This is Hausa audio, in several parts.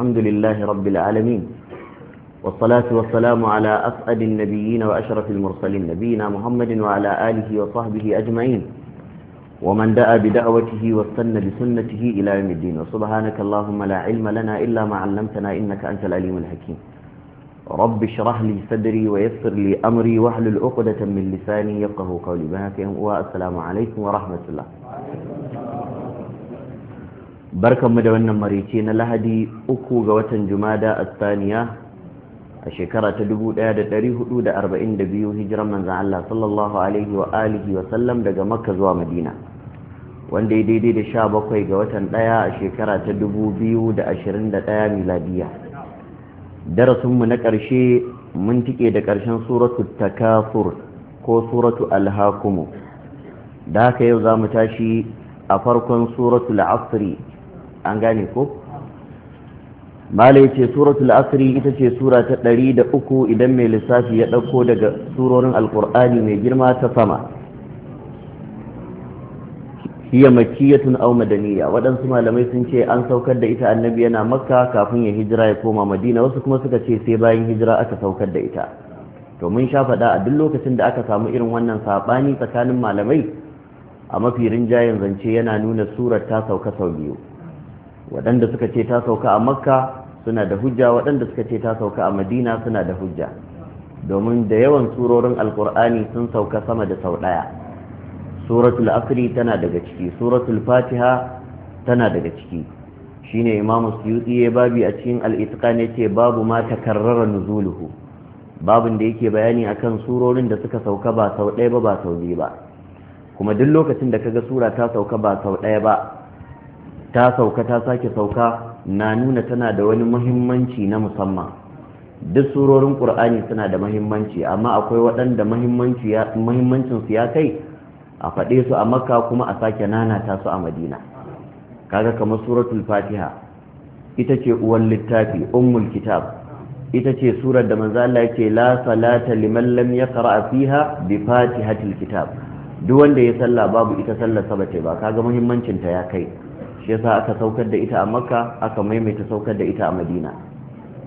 الحمد لله رب العالمين والصلاة والسلام على أسعد النبيين وأشرف المرسلين نبينا محمد وعلى آله وصحبه أجمعين ومن دعا بدعوته واستنى بسنته إلى يوم الدين وسبحانك اللهم لا علم لنا إلا ما علمتنا إنك أنت العليم الحكيم رب اشرح لي صدري ويسر لي أمري واحلل عقدة من لساني يفقه قولي بها والسلام عليكم ورحمة الله barkanmu da wannan marice na lahadi uku ga watan jumada a saniya a shekara ta 1442 hijiran manzan Allah sallallahu alaihi wa alihi wa sallam daga makka zuwa madina wanda ya daidai da sha bakwai ga watan ɗaya a shekara ta 2021 miladiya darasinmu na ƙarshe mun tike da ƙarshen suratu Takafur ko suratu alhakumu da haka yau za mu tashi a farkon suratul asri an gane ko mala ce suratul asri ita ce sura ta ɗari da uku idan mai lissafi ya ɗauko daga surorin alkur'ani mai girma ta sama hiya makiyatun aw madaniya waɗansu malamai sun ce an saukar da ita annabi yana makka kafin ya hijira ya koma madina wasu kuma suka ce sai bayan hijira aka saukar da ita to mun sha faɗa a duk lokacin da aka samu irin wannan saɓani tsakanin malamai a mafi rinjayen zance yana nuna surar ta sauka sau biyu waɗanda suka ce ta sauka a makka suna da hujja waɗanda suka ce ta sauka a madina suna da hujja domin da yawan surorin alkur'ani sun sauka sama da sau ɗaya suratul asri tana daga ciki suratul fatiha tana daga ciki shine imamu suyuti ya babi a cikin al-itqan yace babu ma takarrara nuzuluhu babin da yake bayani akan surorin da suka sauka ba sau ɗaya ba ba sau biyu ba kuma duk lokacin da kaga sura ta sauka ba sau ɗaya ba ta sauka ta sake sauka na nuna tana da wani muhimmanci na musamman duk surorin ƙur'ani suna da muhimmanci amma akwai waɗanda muhimmancinsu ya kai a faɗe su a makka kuma a sake ta su a madina kaga kamar suratul fatiha ita ce uwan littafi ummul kitab ita ce surar da manzo Allah yake la salata liman lam yaqra fiha bi fatihatil kitab duk wanda ya salla babu ita sallar sa bace ba kaga muhimmancin ta ya kai yasa aka saukar da ita a makka aka maimaita saukar da ita a madina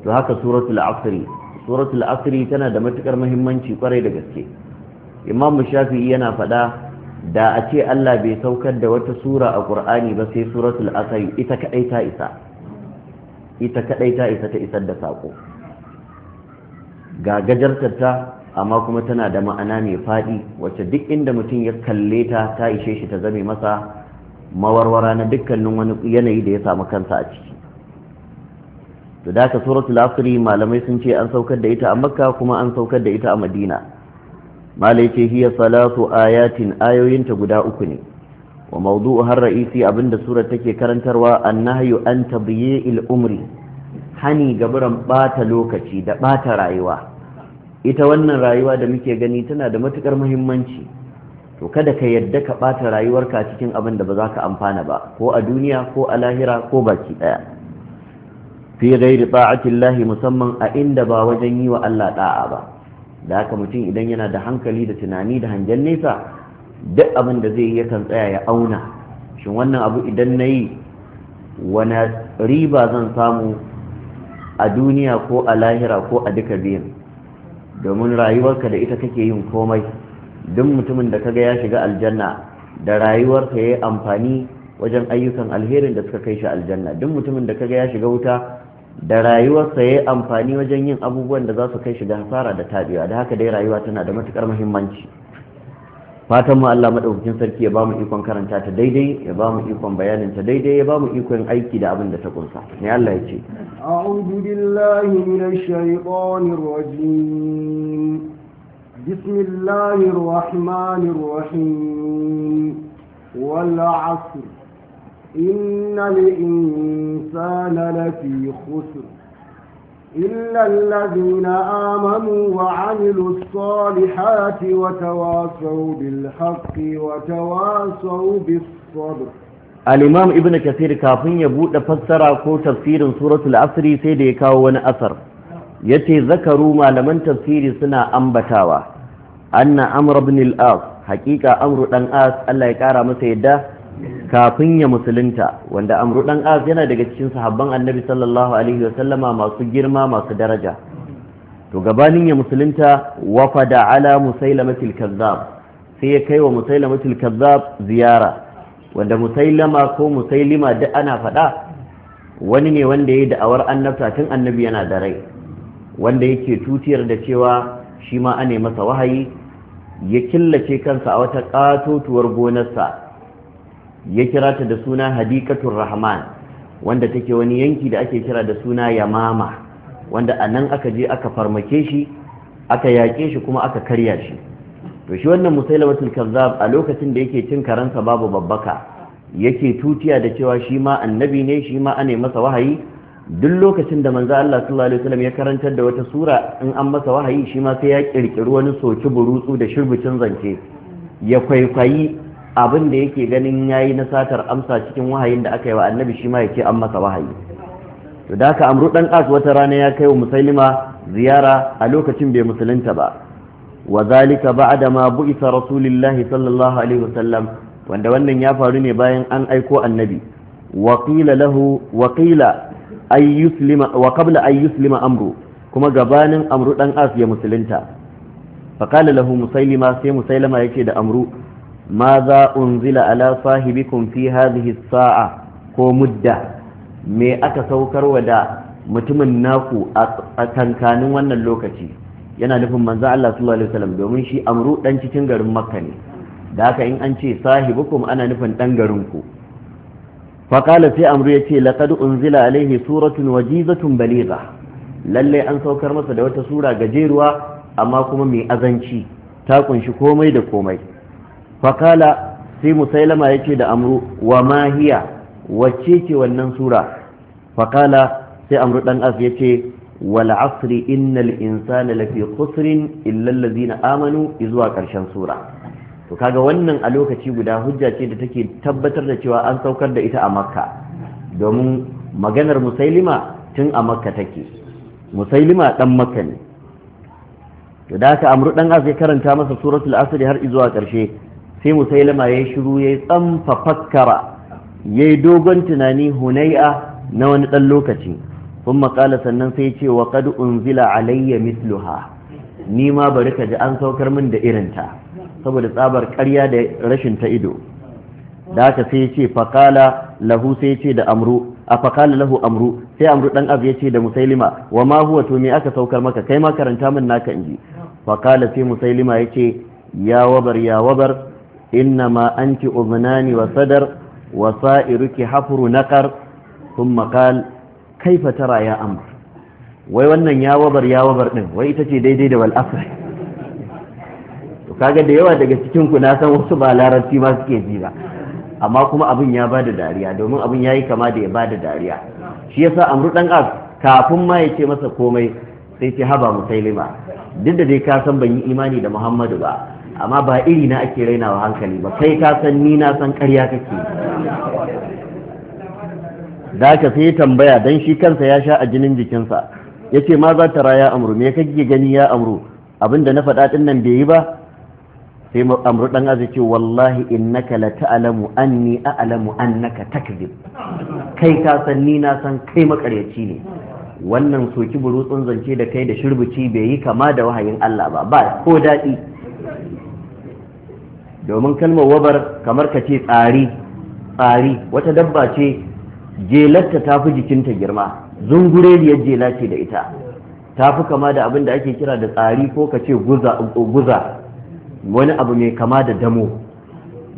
to haka suratul asri suratul asri tana da matukar muhimmanci kwarai da gaske imam shafi'i yana faɗa da a ce Allah bai saukar da wata sura a qur'ani ba sai suratul asri ita kadai ta isa ita kadai ta isa ta isar da sako ga gajartarta amma kuma tana da ma'ana mai faɗi wacce duk inda mutum ya kalle ta ta ishe shi ta zame masa mawarwara na dukkanin wani yanayi da ya samu kansa a ciki to da ka suratul asri malamai sun ce an saukar da ita a makka kuma an saukar da ita a madina malai ce hiya salatu ayatin ayoyinta guda uku ne wa mawdu har ra'isi abinda surar take karantarwa annahyu an tabyi'il umri hani gaburan bata lokaci da bata rayuwa ita wannan rayuwa da muke gani tana da matukar muhimmanci to kada ka yadda ka bata rayuwarka cikin abin da ba za ka amfana ba ko a duniya ko a lahira ko baki ɗaya fi ghairi ta'atillahi musamman a inda ba wajen yi wa Allah da'a ba da haka mutum idan yana da hankali da tunani da hanjan nesa duk abin da zai yi yakan tsaya ya auna shin wannan abu idan na yi wani riba zan samu a duniya ko a lahira ko a duka biyun domin rayuwarka da ita kake yin komai duk mutumin da kaga ya shiga aljanna da rayuwarsa ya yi amfani wajen ayyukan alherin da suka kai shi aljanna duk mutumin da kaga ya shiga wuta da rayuwarsa ya yi amfani wajen yin abubuwan da za su kai shi ga hasara da tabiwa da haka dai rayuwa tana da matukar muhimmanci fatan mu Allah madaukakin sarki ya ba mu ikon karanta ta daidai ya ba mu ikon bayanin ta daidai ya ba mu ikon aiki da abin da ta kunsa ne Allah ya ce a'udhu billahi minash shaitanir rajim بسم الله الرحمن الرحيم والعصر إن الإنسان لفي خسر إلا الذين آمنوا وعملوا الصالحات وتواصوا بالحق وتواصوا بالصبر الإمام ابن كثير كافين يبوت فسر كو تفسير سورة العصر سيدي كاو ون أثر yace zakaru malaman tafsiri suna ambatawa anna amr ibn al-as haqiqa amru dan as Allah ya kara masa yadda kafin ya musulunta wanda amru dan as yana daga cikin sahabban annabi sallallahu alaihi wasallama masu girma masu daraja to gabanin ya musulunta wafada ala musailamatil kazzab sai ya kai wa musailamatil kazzab ziyara wanda musailama ko musailima da ana faɗa wani ne wanda ya yi da'awar annabta tun annabi yana da rai wanda yake tutiyar da cewa shi ma ne masa wahayi ya killace kansa a wata katotuwar gonarsa ya kira ta da suna hadikatun rahman wanda take wani yanki da ake kira da suna yamama wanda a nan aka je aka farmake shi aka yaƙe shi kuma aka karya shi to shi wannan musailamatul kazzab a lokacin da yake cin karansa babu babbaka yake tutiya da cewa shi ma annabi ne shi ma ane masa wahayi duk lokacin da manzo Allah sallallahu alaihi wasallam ya karantar da wata sura in an masa wahayi shi ma sai ya kirkiri wani soki burutsu da shirbucin zance ya kwaikwayi abin da yake ganin yayi na satar amsa cikin wahayin da aka yi wa annabi shi ma ya ce an masa wahayi to da haka amru dan qas wata rana ya kai wa musailima ziyara a lokacin bai musulunta ba wa zalika ba'da ma bu'isa rasulullahi sallallahu alaihi wasallam wanda wannan ya faru ne bayan an aiko annabi wa qila lahu wa qila wa qabla ay amru kuma gabanin amru dan as ya musulunta fa qala lahu musailima sai musailima yake da amru ma za unzila ala sahibikum fi hadhihi sa'a ko mudda me aka saukar wa da mutumin naku a tankanin wannan lokaci yana nufin manzo Allah sallallahu alaihi wasallam domin shi amru dan cikin garin makka ne da haka in an ce sahibukum ana nufin dan garin ku faƙala sai amru ya ce laƙad unzila alaihi suratun wajizatun baliga lalle an saukar masa da wata sura gajeruwa amma kuma mai azanci ta kunshi komai da komai faƙala sai musailama ya ce da amru wa mahiya wacce ce wannan sura faƙala sai amru ɗan as ya ce wal asri innal insana lafi khusrin illa allazina amanu izuwa ƙarshen sura to kaga wannan a lokaci guda hujja ce da take tabbatar da cewa an saukar da ita a makka domin maganar musailima tun a makka take musailima dan makka ne to da ka amru dan azai karanta masa suratul asr har zuwa karshe sai musailima yayi shiru yayi tsamfa fakkara yayi dogon tunani hunai'a na wani dan lokaci sun makala sannan sai ce wa qad unzila alayya mithluha ni ma bari ka ji an saukar min da irinta saboda tsabar ƙarya da rashin ta ido da haka sai ce fakala lahu sai ce da amru a fakala lahu amru sai amru dan abu ya ce da musailima wa ma huwa to me aka saukar maka kai ma karanta min naka inji fakala sai musailima ya ce ya wabar ya wabar inna ma anti uznani wa sadar wa sa'iruki hafuru naqar thumma qal kaifa tara ya amr wai wannan ya wabar ya wabar din wai ita ce daidai da wal asr kaga da yawa daga cikin ku na san wasu ba larabci ba suke ji ba amma kuma abin ya ba da dariya domin abin ya yi kama da ya ba da dariya shi yasa amru dan as kafin ma ya ce masa komai sai ce haba musailima duk da dai ka san ban yi imani da muhammadu ba amma ba iri na ake rainawa hankali ba kai ka san ni na san ƙarya kake da aka sai ya tambaya dan shi kansa ya sha a jinin jikinsa ya ce ma za ta raya amru me kake gani ya amru Abinda na faɗa ɗin nan bai yi ba sai amru dan azu ce wallahi innaka la ta'lamu anni a'lamu annaka takzib kai ka san ni na san kai makaryaci ne wannan soki burutsun zance da kai da shirbici bai yi kama da wahayin Allah ba ba ko daɗi domin kalmar wabar kamar ka ce tsari tsari wata dabba ce jelarta ta fi jikinta girma da jela ce da ita ta fi kama da abin da ake kira da tsari ko ka ce guza wani abu mai kama da damo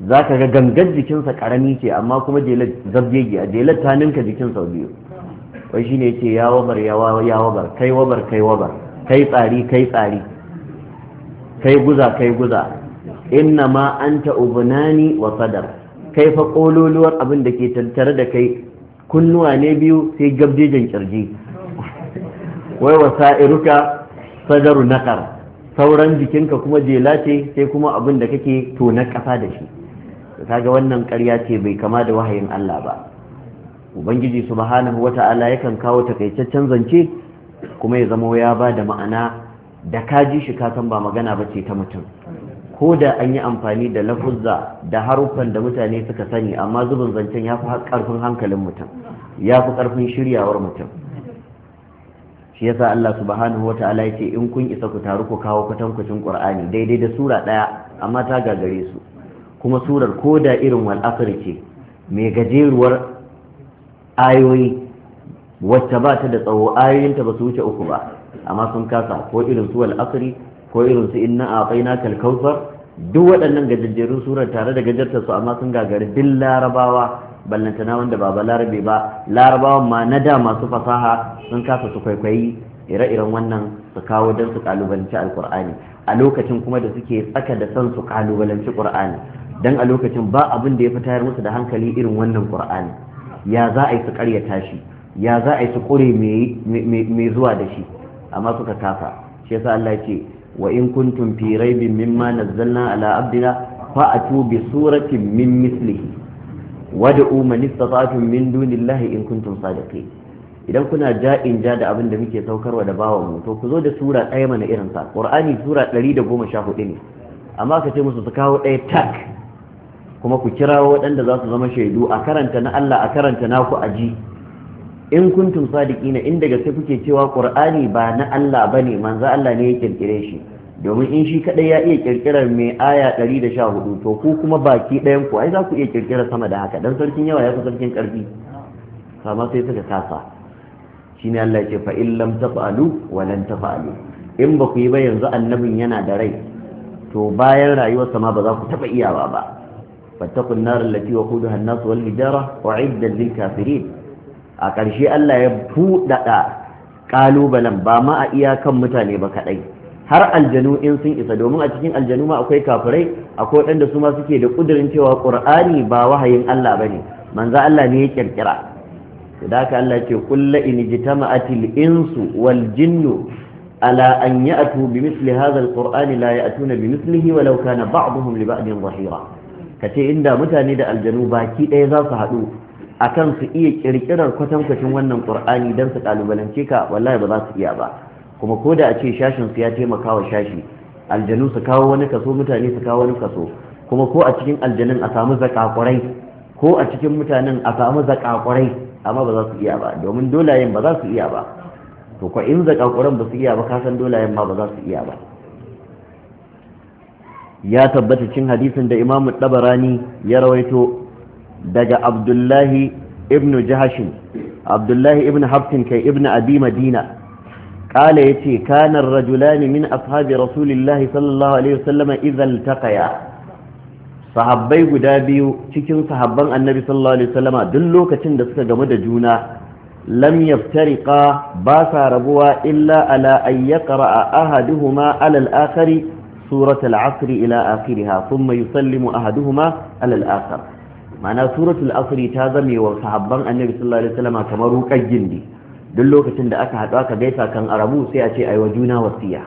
za ka ga gangan jikinsa karami ce amma kuma jelar zabjegi a jelar ta ninka jikin sau biyu wai shine ce ya wabar ya wabar kai wabar kai wabar kai tsari kai tsari kai guza kai guza inna ma ta ubunani wa sadar kai fa kololuwar abin da ke tattare da kai kunnuwa ne biyu sai gabjejin kirji wai wasa'iruka sadaru naqar sauran jikinka kuma jela ce sai kuma abin da kake tonar ƙasa da shi kaga wannan karya ce bai kama da wahayin Allah ba ubangiji subhanahu wata'ala yakan kawo takaitaccen zance kuma ya zama ya ba da ma'ana da ka ji shi ka san ba magana ba ce ta mutum ko da an yi amfani da lafuzza da haruffan da mutane suka sani amma zubin zancen ya fi ƙarfin hankalin mutum ya fi ƙarfin shiryawar mutum shi yasa Allah subhanahu ta'ala yake in kun isa ku taru ku kawo kucin Qur'ani daidai da sura daya amma ta gagare su kuma surar koda irin wal ce mai gajeruwar ayoyi wacce ba ta da tsawo ayoyinta ba su wuce uku ba amma sun kasa ko irin su wal ko irin su inna a'tainaka kal kautsar duk waɗannan gajejjerun surar tare da gajartar su amma sun gagari duk larabawa ballantana wanda ba balarabe ba Larabawa ma na da masu fasaha sun kasa su kwaikwayi ire-iren wannan su kawo don su kalubalanci alkur'ani a lokacin kuma da suke tsaka da son su kalubalanci qur'ani dan a lokacin ba abin da ya fitar musu da hankali irin wannan qur'ani ya za a yi su karyata shi ya za a yi su kure mai zuwa da shi amma suka kafa shi yasa Allah ce wa in kuntum fi raibin mimma nazzalna ala abdina fa bi suratin min mislihi wad'u man istata'tum min dunillahi in kuntum sadiqin idan kuna ja'in ja da abin da muke saukarwa da bawan mu to ku zo da sura ɗaya mana irin sa qur'ani sura 114 ne amma ka ce musu su kawo ɗaya tak kuma ku kirawo waɗanda za su zama shaidu a karanta na Allah a karanta naku aji in kuntum sadiqina in ga sai kuke cewa qur'ani ba na Allah bane manzo Allah ne ya kirkire shi domin in shi kadai ya iya kirkirar mai aya 114 to ku kuma baki ɗayan ku ai za ku iya kirkirar sama da haka dan sarkin yawa ya fi sarkin karfi Sama sai suka kasa shine Allah ya ce fa in lam taf'alu wa lan taf'alu in ba ku yi ba yanzu annabin yana da rai to bayan rayuwar sama ba za ku taba iyawa ba fattakun narin lati wa kudu hannasu wal hijara wa iddan lil kafirin a ƙarshe Allah ya buɗaɗa ƙalubalen ba ma a iyakan mutane ba kaɗai har aljanu in sun isa domin a cikin aljanu ma akwai kafirai akwai waɗanda su ma suke da ƙudurin cewa ƙur'ani ba wahayin Allah bane manzo Allah ne ya kirkira su da haka Allah ce kullu in jitama'atil insu wal jinnu ala an ya'tu bi misli hadha alqur'ani la ya'tuna bi mislihi walau kana ba'dhum li ba'din zahira kace inda mutane da aljanu baki ɗaya za su haɗu akan su iya ƙirƙirar kwatankwacin wannan qur'ani dan su kalubalance ka wallahi ba za su iya ba kuma ko da a ce shashin su ya taimaka wa shashi aljanu su kawo wani kaso mutane su kawo wani kaso kuma ko a cikin aljanun a samu zakakurai ko a cikin mutanen a samu zakakurai amma ba za su iya ba domin dolayen ba za su iya ba to ko in zakakuran ba su iya ba kasan dolayen ma ba za su iya ba ya tabbata cin hadisin da imamu ɗabarani ya rawaito daga abdullahi ibnu jahashin abdullahi ibnu haftin kai ibnu abi madina قال يتي كان الرجلان من أصحاب رسول الله صلى الله عليه وسلم إذا التقيا صحابي guda biyu cikin sahaban annabi sallallahu alaihi wasallama duk lokacin da suka gamu da juna lam yaftariqa ba sa rabuwa illa ala an a ahaduhuma ala al-akhari surat al-asr ila akhiriha thumma yusallimu ahaduhuma ala al-akhar ma'ana suratul asr ta zame wa annabi sallallahu alaihi kamar duk lokacin da aka haɗu aka gaisa kan arabu sai a ce wa juna wasiya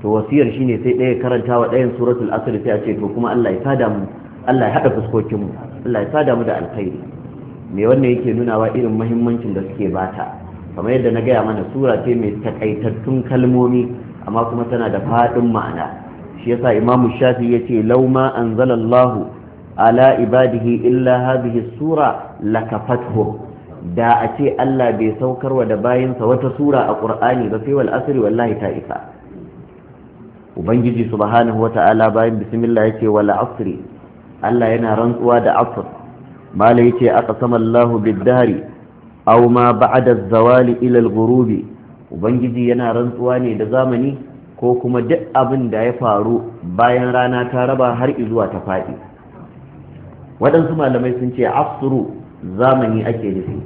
to wasiyar shine sai ɗaya karanta wa ɗayan suratul asr sai a ce to kuma Allah ya sada mu Allah ya haɗa fuskokin mu Allah ya sada mu da alkhairi me wannan yake nuna wa irin muhimmancin da suke bata kamar yadda na gaya mana sura ce mai takaitattun kalmomi amma kuma tana da faɗin ma'ana shi yasa imamu shafi ya ce lauma anzalallahu ala ibadihi illa hadhihi sura lakafatuhum da a ce Allah bai saukar wa da bayansa wata sura a ƙur'ani ba sai wal asri wallahi ta isa ubangiji subhanahu ta'ala, bayan bismillah yake wal asri Allah yana rantsuwa da asr mala yace aqsama Allahu bid-dahri aw ma ba'da az-zawali ila al-ghurub ubangiji yana rantsuwa ne da zamani ko kuma duk abin da ya faru bayan rana ta raba har zuwa ta faɗi waɗansu malamai sun ce asru zamani ake nufi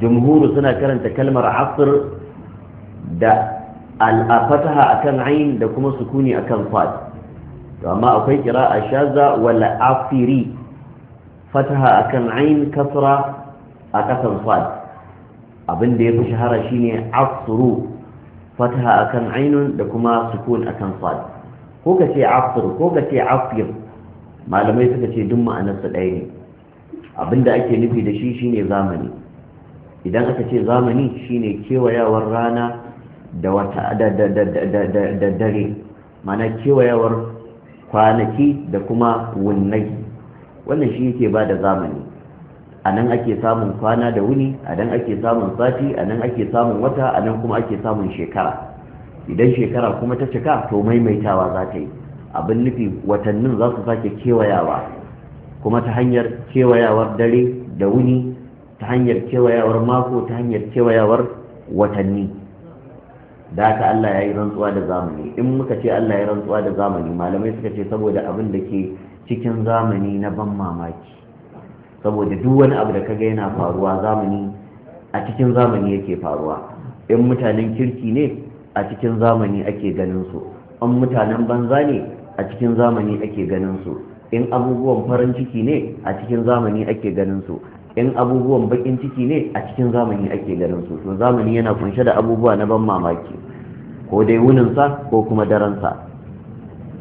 jumhuru suna karanta kalmar asr da al'afataha akan ain da kuma sukuni akan kwad amma akwai kira a shaza wala afiri fataha kan ain kasra a kasan kwad Abinda ya fi shahara shine asru fataha akan ainun da kuma sukun kan sad ko ka ce asr ko ka ce afir malamai suka ce duk ma'anarsa ɗaya ne Abin da ake nufi da shi shine zamani idan aka ce zamani shine kewayawar rana da wata da dare mana kewayawar kwanaki da kuma wunnai wannan shi yake ba da zamani a nan ake samun kwana da wuni a nan ake samun sati a nan ake samun wata a nan kuma ake samun shekara idan shekara kuma ta cika to maimaitawa za ta yi abin nufi watannin za su sake kewayawa kuma ta hanyar kewayawar dare da wuni ta hanyar kewayawar mako ta hanyar kewayawar watanni da haka Allah ya yi rantsuwa da zamani in muka ce Allah ya yi rantsuwa da zamani malamai suka ce saboda abin da ke cikin zamani na ban mamaki saboda duk wani abu da kaga yana faruwa zamani a cikin zamani yake faruwa in mutanen kirki ne a cikin zamani ake ganin su in mutanen banza ne a cikin zamani ake ganin su in abubuwan farin ciki ne a cikin zamani ake ganin su in abubuwan bakin ciki ne a cikin zamani ake ganin su to zamani yana kunshe da abubuwa na ban mamaki ko dai wuninsa ko kuma daransa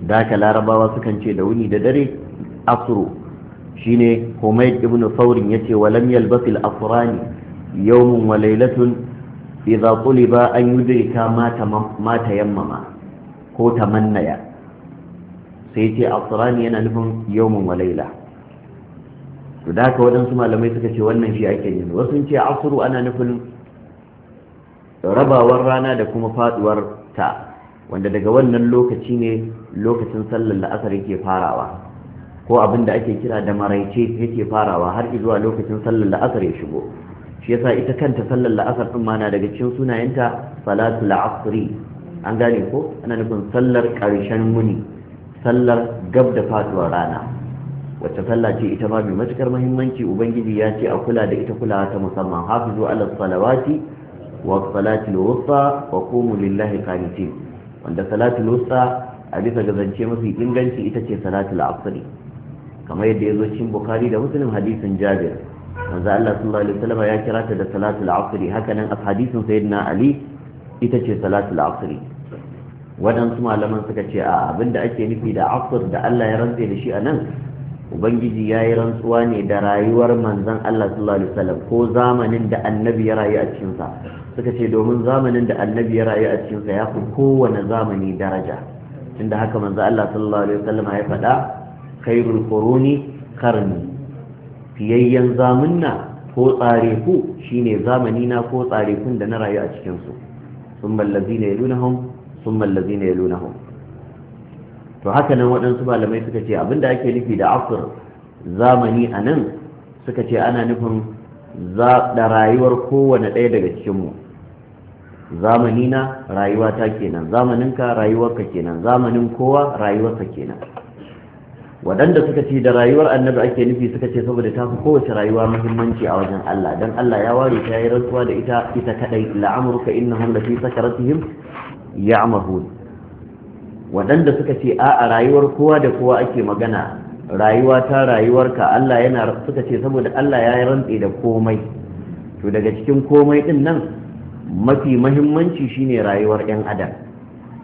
da ka larabawa sukan ce da wuni da dare afro shine humayd ibn saurin yace walam yalbasil afrani yawmun wa laylatun idza quliba an yudrika mata yammama ko tamannaya sai ce asrani yana nufin yawon walaila su da haka waɗansu malamai suka ce wannan shi ake yin wasu ce ana nufin rabawar rana da kuma faduwar ta wanda daga wannan lokaci ne lokacin sallar la'asar yake farawa ko abin da ake kira da maraice yake farawa har zuwa lokacin sallar la'asar ya shigo shi yasa ita kanta sallar la'asar din ma na daga cikin sunayenta salatu la'asri an gane ko ana nufin sallar ƙarshen muni sallar gab da fatuwar rana wacce sallah ce ita ma mai matukar muhimmanci ubangiji ya ce a kula da ita kulawa ta musamman hafizu ala salawati wa salatul wusta wa qumu lillahi qanitin wanda salatul wusta a bisa ga zance mafi inganci ita ce salatul asri kamar yadda ya zo cikin bukhari da muslim hadisin jabir manzo Allah sallallahu alaihi wasallam ya kira ta da salatul asri haka nan a hadisin sayyidina ali ita ce salatul asri waɗansu malaman suka ce a abin da ake nufi da asr da Allah ya rantse da shi a nan ubangiji ya yi rantsuwa ne da rayuwar manzan Allah sallallahu alaihi wasallam ko zamanin da annabi ya rayu a cikin sa suka ce domin zamanin da annabi ya rayu a cikin sa ya fi kowane zamani daraja tunda haka manzon Allah sallallahu alaihi wasallam ya faɗa khairul quruni qarni fiyayyen zamunna ko tsare ku shine zamani na ko tsare kun da na rayu a cikin su sun mallazi ne Sun ثم na يلونهم to haka nan waɗansu malamai suka ce abinda ake nufi da asir zamani a nan suka ce ana nufin da rayuwar kowane ɗaya daga cikinmu zamani na rayuwa ta kenan zamaninka rayuwarka kenan zamanin kowa rayuwarsa kenan waɗanda suka ce da rayuwar annabi ake nufi suka ce saboda ta fi kowace rayuwa muhimmanci a wajen Allah dan Allah ya ware ta yi rantsuwa da ita ita kadai la'amurka innahum lafi sakaratihim ya'mahun waɗanda suka ce a'a rayuwar kowa da kowa ake magana rayuwa ta rayuwarka Allah yana suka ce saboda Allah ya rantse da komai to daga cikin komai din nan mafi mahimmanci shine rayuwar yan adam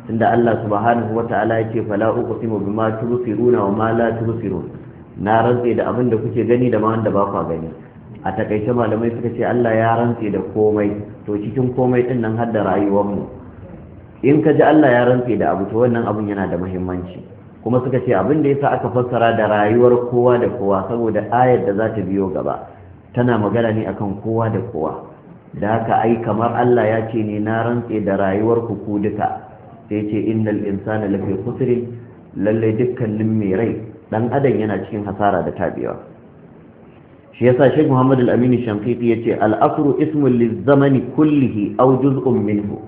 tunda Allah subhanahu wata'ala yake fala uqsimu bima tusiruna wa ma la na rantse da abin da kuke gani da ma wanda ba ku gani a takaice malamai suka ce Allah ya rantse da komai to cikin komai din nan har da rayuwar mu in ka ji Allah ya rantse da abu to wannan abun yana da muhimmanci kuma suka ce abin da yasa aka fassara da rayuwar kowa da kowa saboda ayar da za ta biyo gaba tana magana ne akan kowa da kowa da haka ai kamar Allah ya ce ne na rantse da rayuwar ku ku duka sai ce innal insana lafi khusri lalle dukkanin mai rai dan adam yana cikin hasara da tabiwa shi yasa Sheikh Muhammad Al-Amin Shamfiti yace al-asru ismun liz-zamani kullihi aw juz'un minhu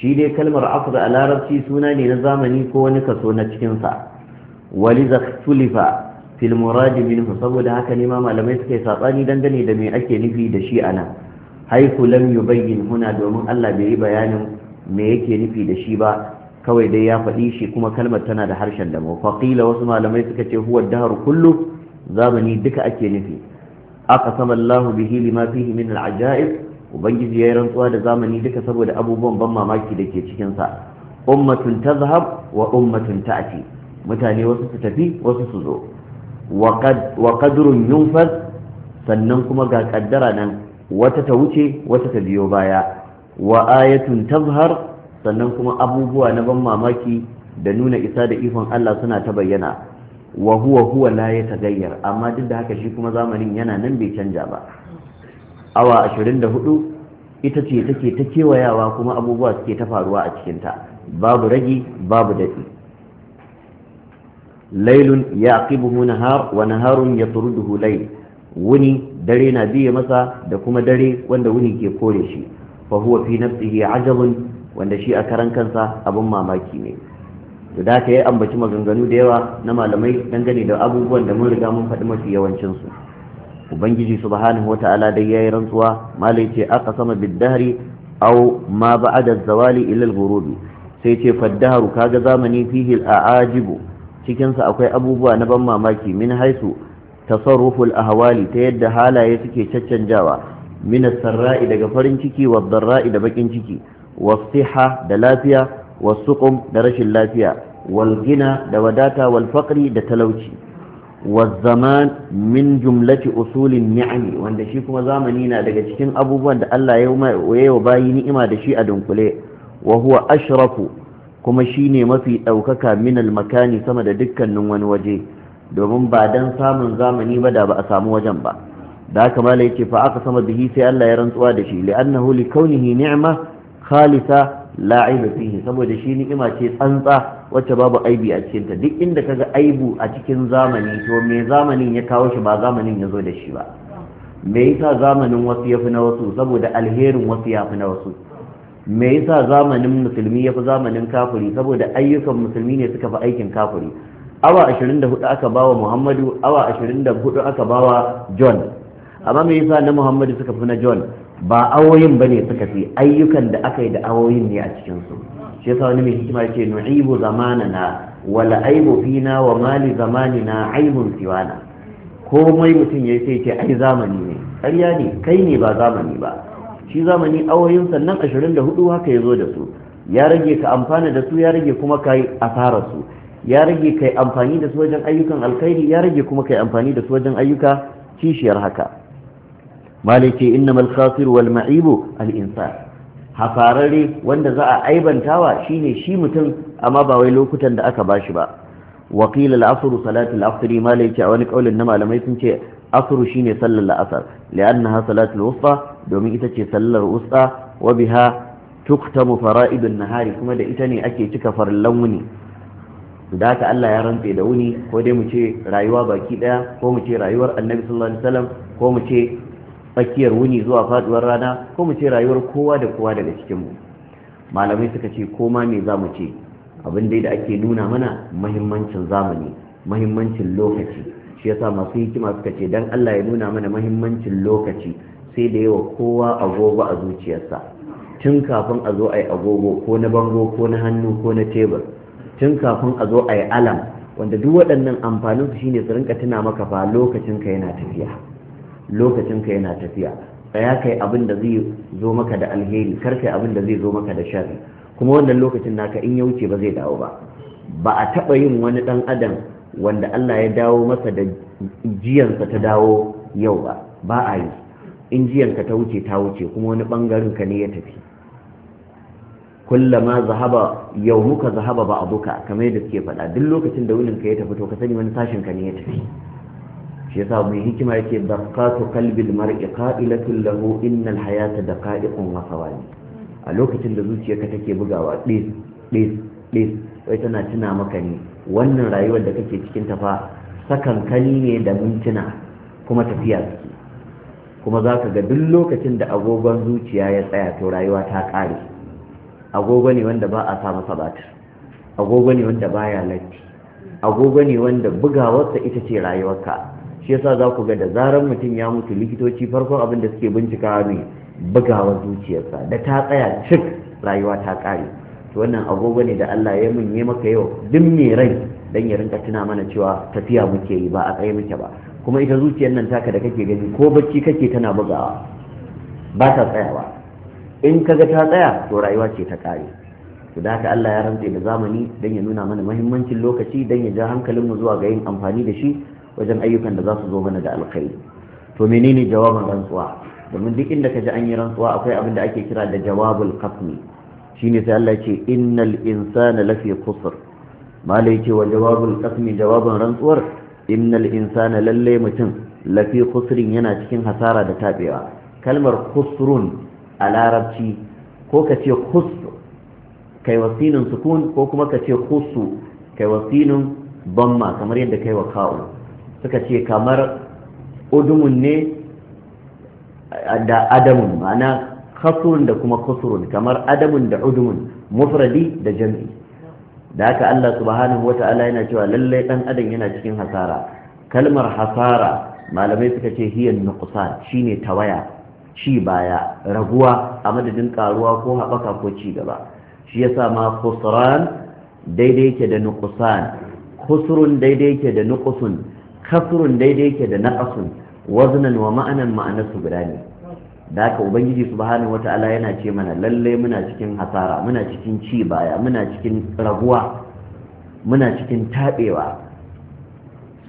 shi dai kalmar afd a larabci suna ne na zamani ko wani kaso na cikinsa wali zaktulifa fil muradi minhu saboda haka ne ma malamai suka yi saɓani dangane da me ake nufi da shi a nan haiku lam domin Allah bai yi bayanin me yake nufi da shi ba kawai dai ya faɗi shi kuma kalmar tana da harshen da mafaqila wasu malamai suka ce huwa dahar kullu zamani duka ake nufi aka sama lahu bihi lima fihi min al-ajaib ubangiji ya yi rantsuwa da zamani duka saboda abubuwan ban mamaki da ke cikinsa ummatun ta zahab wa ummatun ta ati mutane wasu su tafi wasu su zo wa kadrun yunfas sannan kuma ga kaddara nan wata ta wuce wata ta biyo baya wa ayatun tazhar sannan kuma abubuwa na ban mamaki da nuna isa da ikon Allah suna ta bayyana wa huwa huwa la yataghayyar amma duk da haka shi kuma zamanin yana nan bai canja ba awa 24 ita ce take ta kewayawa kuma abubuwa suke ta faruwa a cikinta babu ragi babu daɗi lailun ya aqibuhu nahar wa naharun yatruduhu layl wuni dare na biye masa da kuma dare wanda wuni ke kore shi fa huwa fi nafsihi ajabun wanda shi a karan kansa abun mamaki ne to da ka yi ambaci maganganu da yawa na malamai dangane da abubuwan da mun riga mun faɗi mafi yawancinsu su ubangiji subhanahu wata'ala dai yayi rantsuwa malai ce aka sama biddahri aw ma ba'da zawali ila al-ghurubi sai ce faddahru kaga zamani fihi al-a'ajibu cikin sa akwai abubuwa na ban mamaki min haisu tasarruful ahwali ta yadda halaye suke caccanjawa min sarrai daga farin ciki wa darra'i da bakin ciki wasiha da lafiya wasuqum da rashin lafiya wal gina da wadata wal faqri da talauci والزمان من usulin أصول النعم shi kuma zamani na daga cikin abubuwan da Allah ya yi wa bayi ni'ima da shi a dunkule wa huwa ashrafu kuma shine mafi daukaka min makani sama da dukkanin wani waje domin ba dan samun zamani ba da ba a samu wajen ba da haka mala yake fa aka sama bihi sai Allah ya rantsuwa da shi li'annahu li kaunihi ni'ma khalisa la'ib saboda shi ni'ima ce tsantsa wacce babu aibi a cikinta duk inda kaga aibu a cikin zamani to me zamanin ya kawo shi ba zamanin ya zo da shi ba me yasa zamanin wasu ya fi na wasu saboda alherin wasu ya fi na wasu me yasa zamanin musulmi ya fi zamanin kafiri saboda ayyukan musulmi ne suka fi aikin kafiri awa 24 aka bawa muhammadu awa 24 aka bawa john amma me yasa na muhammadu suka fi na john ba awoyin bane suka fi ayyukan da aka yi da awoyin ne a cikinsu shi yasa wani mai hikima yake nu'ibu zamanana wala aibu fina wa mali zamanina aibun siwana komai mutum yayi sai ce ai zamani ne ƙarya ne kai ne ba zamani ba shi zamani awoyin sannan 24 haka yazo da su ya rage ka amfana da su ya rage kuma kai asara su ya rage kai amfani da su wajen ayyukan alkhairi ya rage kuma kai amfani da su wajen ayyuka kishiyar haka malai ce innamal khasir wal ma'ibu al insan hafararre wanda za a aibantawa shine shi mutum amma ba wai lokutan da aka bashi ba wakil al-asr salatul asr ma la a wani kaulin na malamai sun ce asr shine sallar asar li'annaha salatul wusta domin ita ce sallar wusta wa biha tuktamu fara'idun nahari kuma da ita ne ake cika farallan wuni da haka Allah ya rantse da wuni ko dai mu ce rayuwa baki daya ko mu ce rayuwar Annabi sallallahu alaihi wasallam ko mu ce tsakiyar wuni zuwa faduwar rana ko mu ce rayuwar kowa da kowa daga cikinmu malamai suka ce koma me za mu ce abin dai da ake nuna mana mahimmancin zamani mahimmancin lokaci shi yasa masu hikima suka ce dan Allah ya nuna mana mahimmancin lokaci sai da yawa kowa agogo a zuciyarsa tun kafin a zo a yi agogo ko na bango ko na hannu ko na tebur tun kafin a zo a yi alam wanda duk waɗannan amfaninsu shine su rinka tuna maka fa lokacin ka yana tafiya lokacin ka yana tafiya tsaya kai abin da zai zo maka da alheri kar kai abin da zai zo maka da sharri kuma wannan lokacin naka in ya wuce ba zai dawo ba ba a taba yin wani dan adam wanda Allah ya dawo masa da jiyansa ta dawo yau ba ba a yi in jiyanka ta wuce ta wuce kuma wani ɓangaren ka ne ya tafi kullama zahaba yau muka zahaba ba abuka kamar yadda suke faɗa duk lokacin da ka ya tafi to ka sani wani sashin ka ne ya tafi shi yasa mai hikima yake barqatu qalbil mar'i qa'ilatun lahu innal hayata daqa'iqun wa sawani a lokacin da zuciyarka take bugawa dis dis dis wai tana tuna maka ne wannan rayuwar da kake cikin ta fa sakan kani ne da mintuna kuma tafiya suke kuma za ka ga duk lokacin da agogon zuciya ya tsaya to rayuwa ta ƙare agogo ne wanda ba a sa masa batir agogo ne wanda baya latti agogo ne wanda bugawarsa ita ce rayuwarka shi yasa za ku ga da zarar mutum ya mutu likitoci farkon abin da suke bincika ne bugawa zuciyarsa da ta tsaya cik rayuwa ta kare to wannan agogo ne da Allah ya mun maka yau duk mai rai dan ya rinka tuna mana cewa tafiya muke yi ba a tsaye muke ba kuma ita zuciyar nan taka da kake gani ko bacci kake tana bugawa ba ta tsayawa in ka ga ta tsaya to rayuwa ce ta kare da haka Allah ya rantse da zamani dan ya nuna mana mahimmancin lokaci dan ya ja hankalinmu zuwa ga yin amfani da shi wajen ayyukan da za su zo mana da alkhairi to menene jawabin rantsuwa domin duk inda ka ji an yi rantsuwa akwai abin da ake kira da jawabul qasmi shine sai Allah ce innal insana lafi khusr malai ce wa jawabul qasmi jawabin rantsuwar innal insana lalle mutum lafi khusrin yana cikin hasara da tabewa kalmar kusrun a larabci ko ka ce khusr kai wasinin sukun ko kuma ka ce khusu kai wasinin bamma kamar yadda kai wa ka'u suka ce kamar udumun ne da adamun ma'ana kasurun da kuma kasurun. kamar adamun da udumun mufradi da jam'i da haka Allah subhanahu wata'ala yana cewa lallai dan adam yana cikin hasara kalmar hasara malamai suka ce hiya nuqsa shine tawaya ci baya raguwa a madadin karuwa ko haɓaka ko ci gaba shi yasa ma kusran daidai yake da nuqsan Kusurun daidai yake da nuqsun kasurun daidai yake da naqasun waznan wa ma'anan su guda ne da haka ubangiji subhanahu wata'ala yana ce mana lallai muna cikin hasara muna cikin ci baya muna cikin raguwa muna cikin tabewa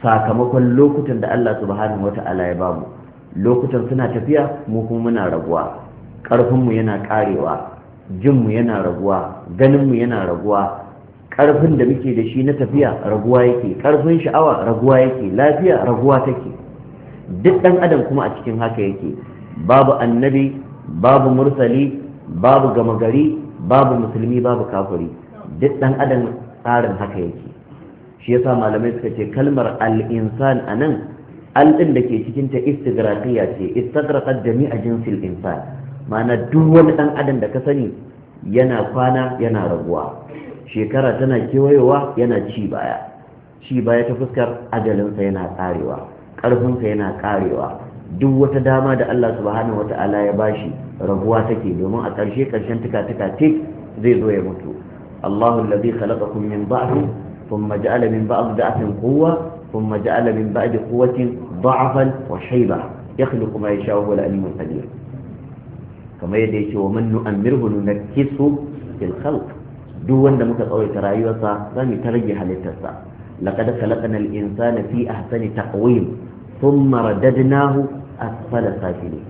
sakamakon lokutan da Allah subhanahu wata'ala ya bamu lokutan suna tafiya mu kuma muna raguwa ƙarfinmu yana ƙarewa jinmu yana raguwa ganinmu yana raguwa ƙarfin da muke da shi na tafiya raguwa yake ƙarfin sha'awa raguwa yake lafiya raguwa take duk ɗan adam kuma a cikin haka yake babu annabi babu mursali babu gama gari babu musulmi babu kafuri, duk ɗan adam tsarin haka yake shi yasa malamai suka ce kalmar al-insan a nan alɗin da ke cikin ta istigraqiya ce istigraqat jami'a jinsin insan ma'ana duk wani ɗan adam da ka sani yana kwana yana raguwa shekara tana kewayowa yana ci baya ci baya ta fuskar ajalinsa yana karewa ƙarfinsa yana karewa duk wata dama da Allah subhanahu wata'ala ya bashi rabuwa take domin a ƙarshe ƙarshen tuka-tuka zai zo ya mutu Allahu allazi khalaqakum min ba'd thumma ja'ala min ba'd da'atin quwwa thumma ja'ala min ba'd quwwatin da'afan wa shayba yakhluqu ma yasha'u wa al-alim qadir kamar yadda yake wa man nu'ammirhu nunakkisu fil khalq duk wanda muka tsawaita rayuwarsa za mu ta rage halittarsa laqad khalaqna al-insana fi ahsani taqwim thumma radadnahu asfala safilin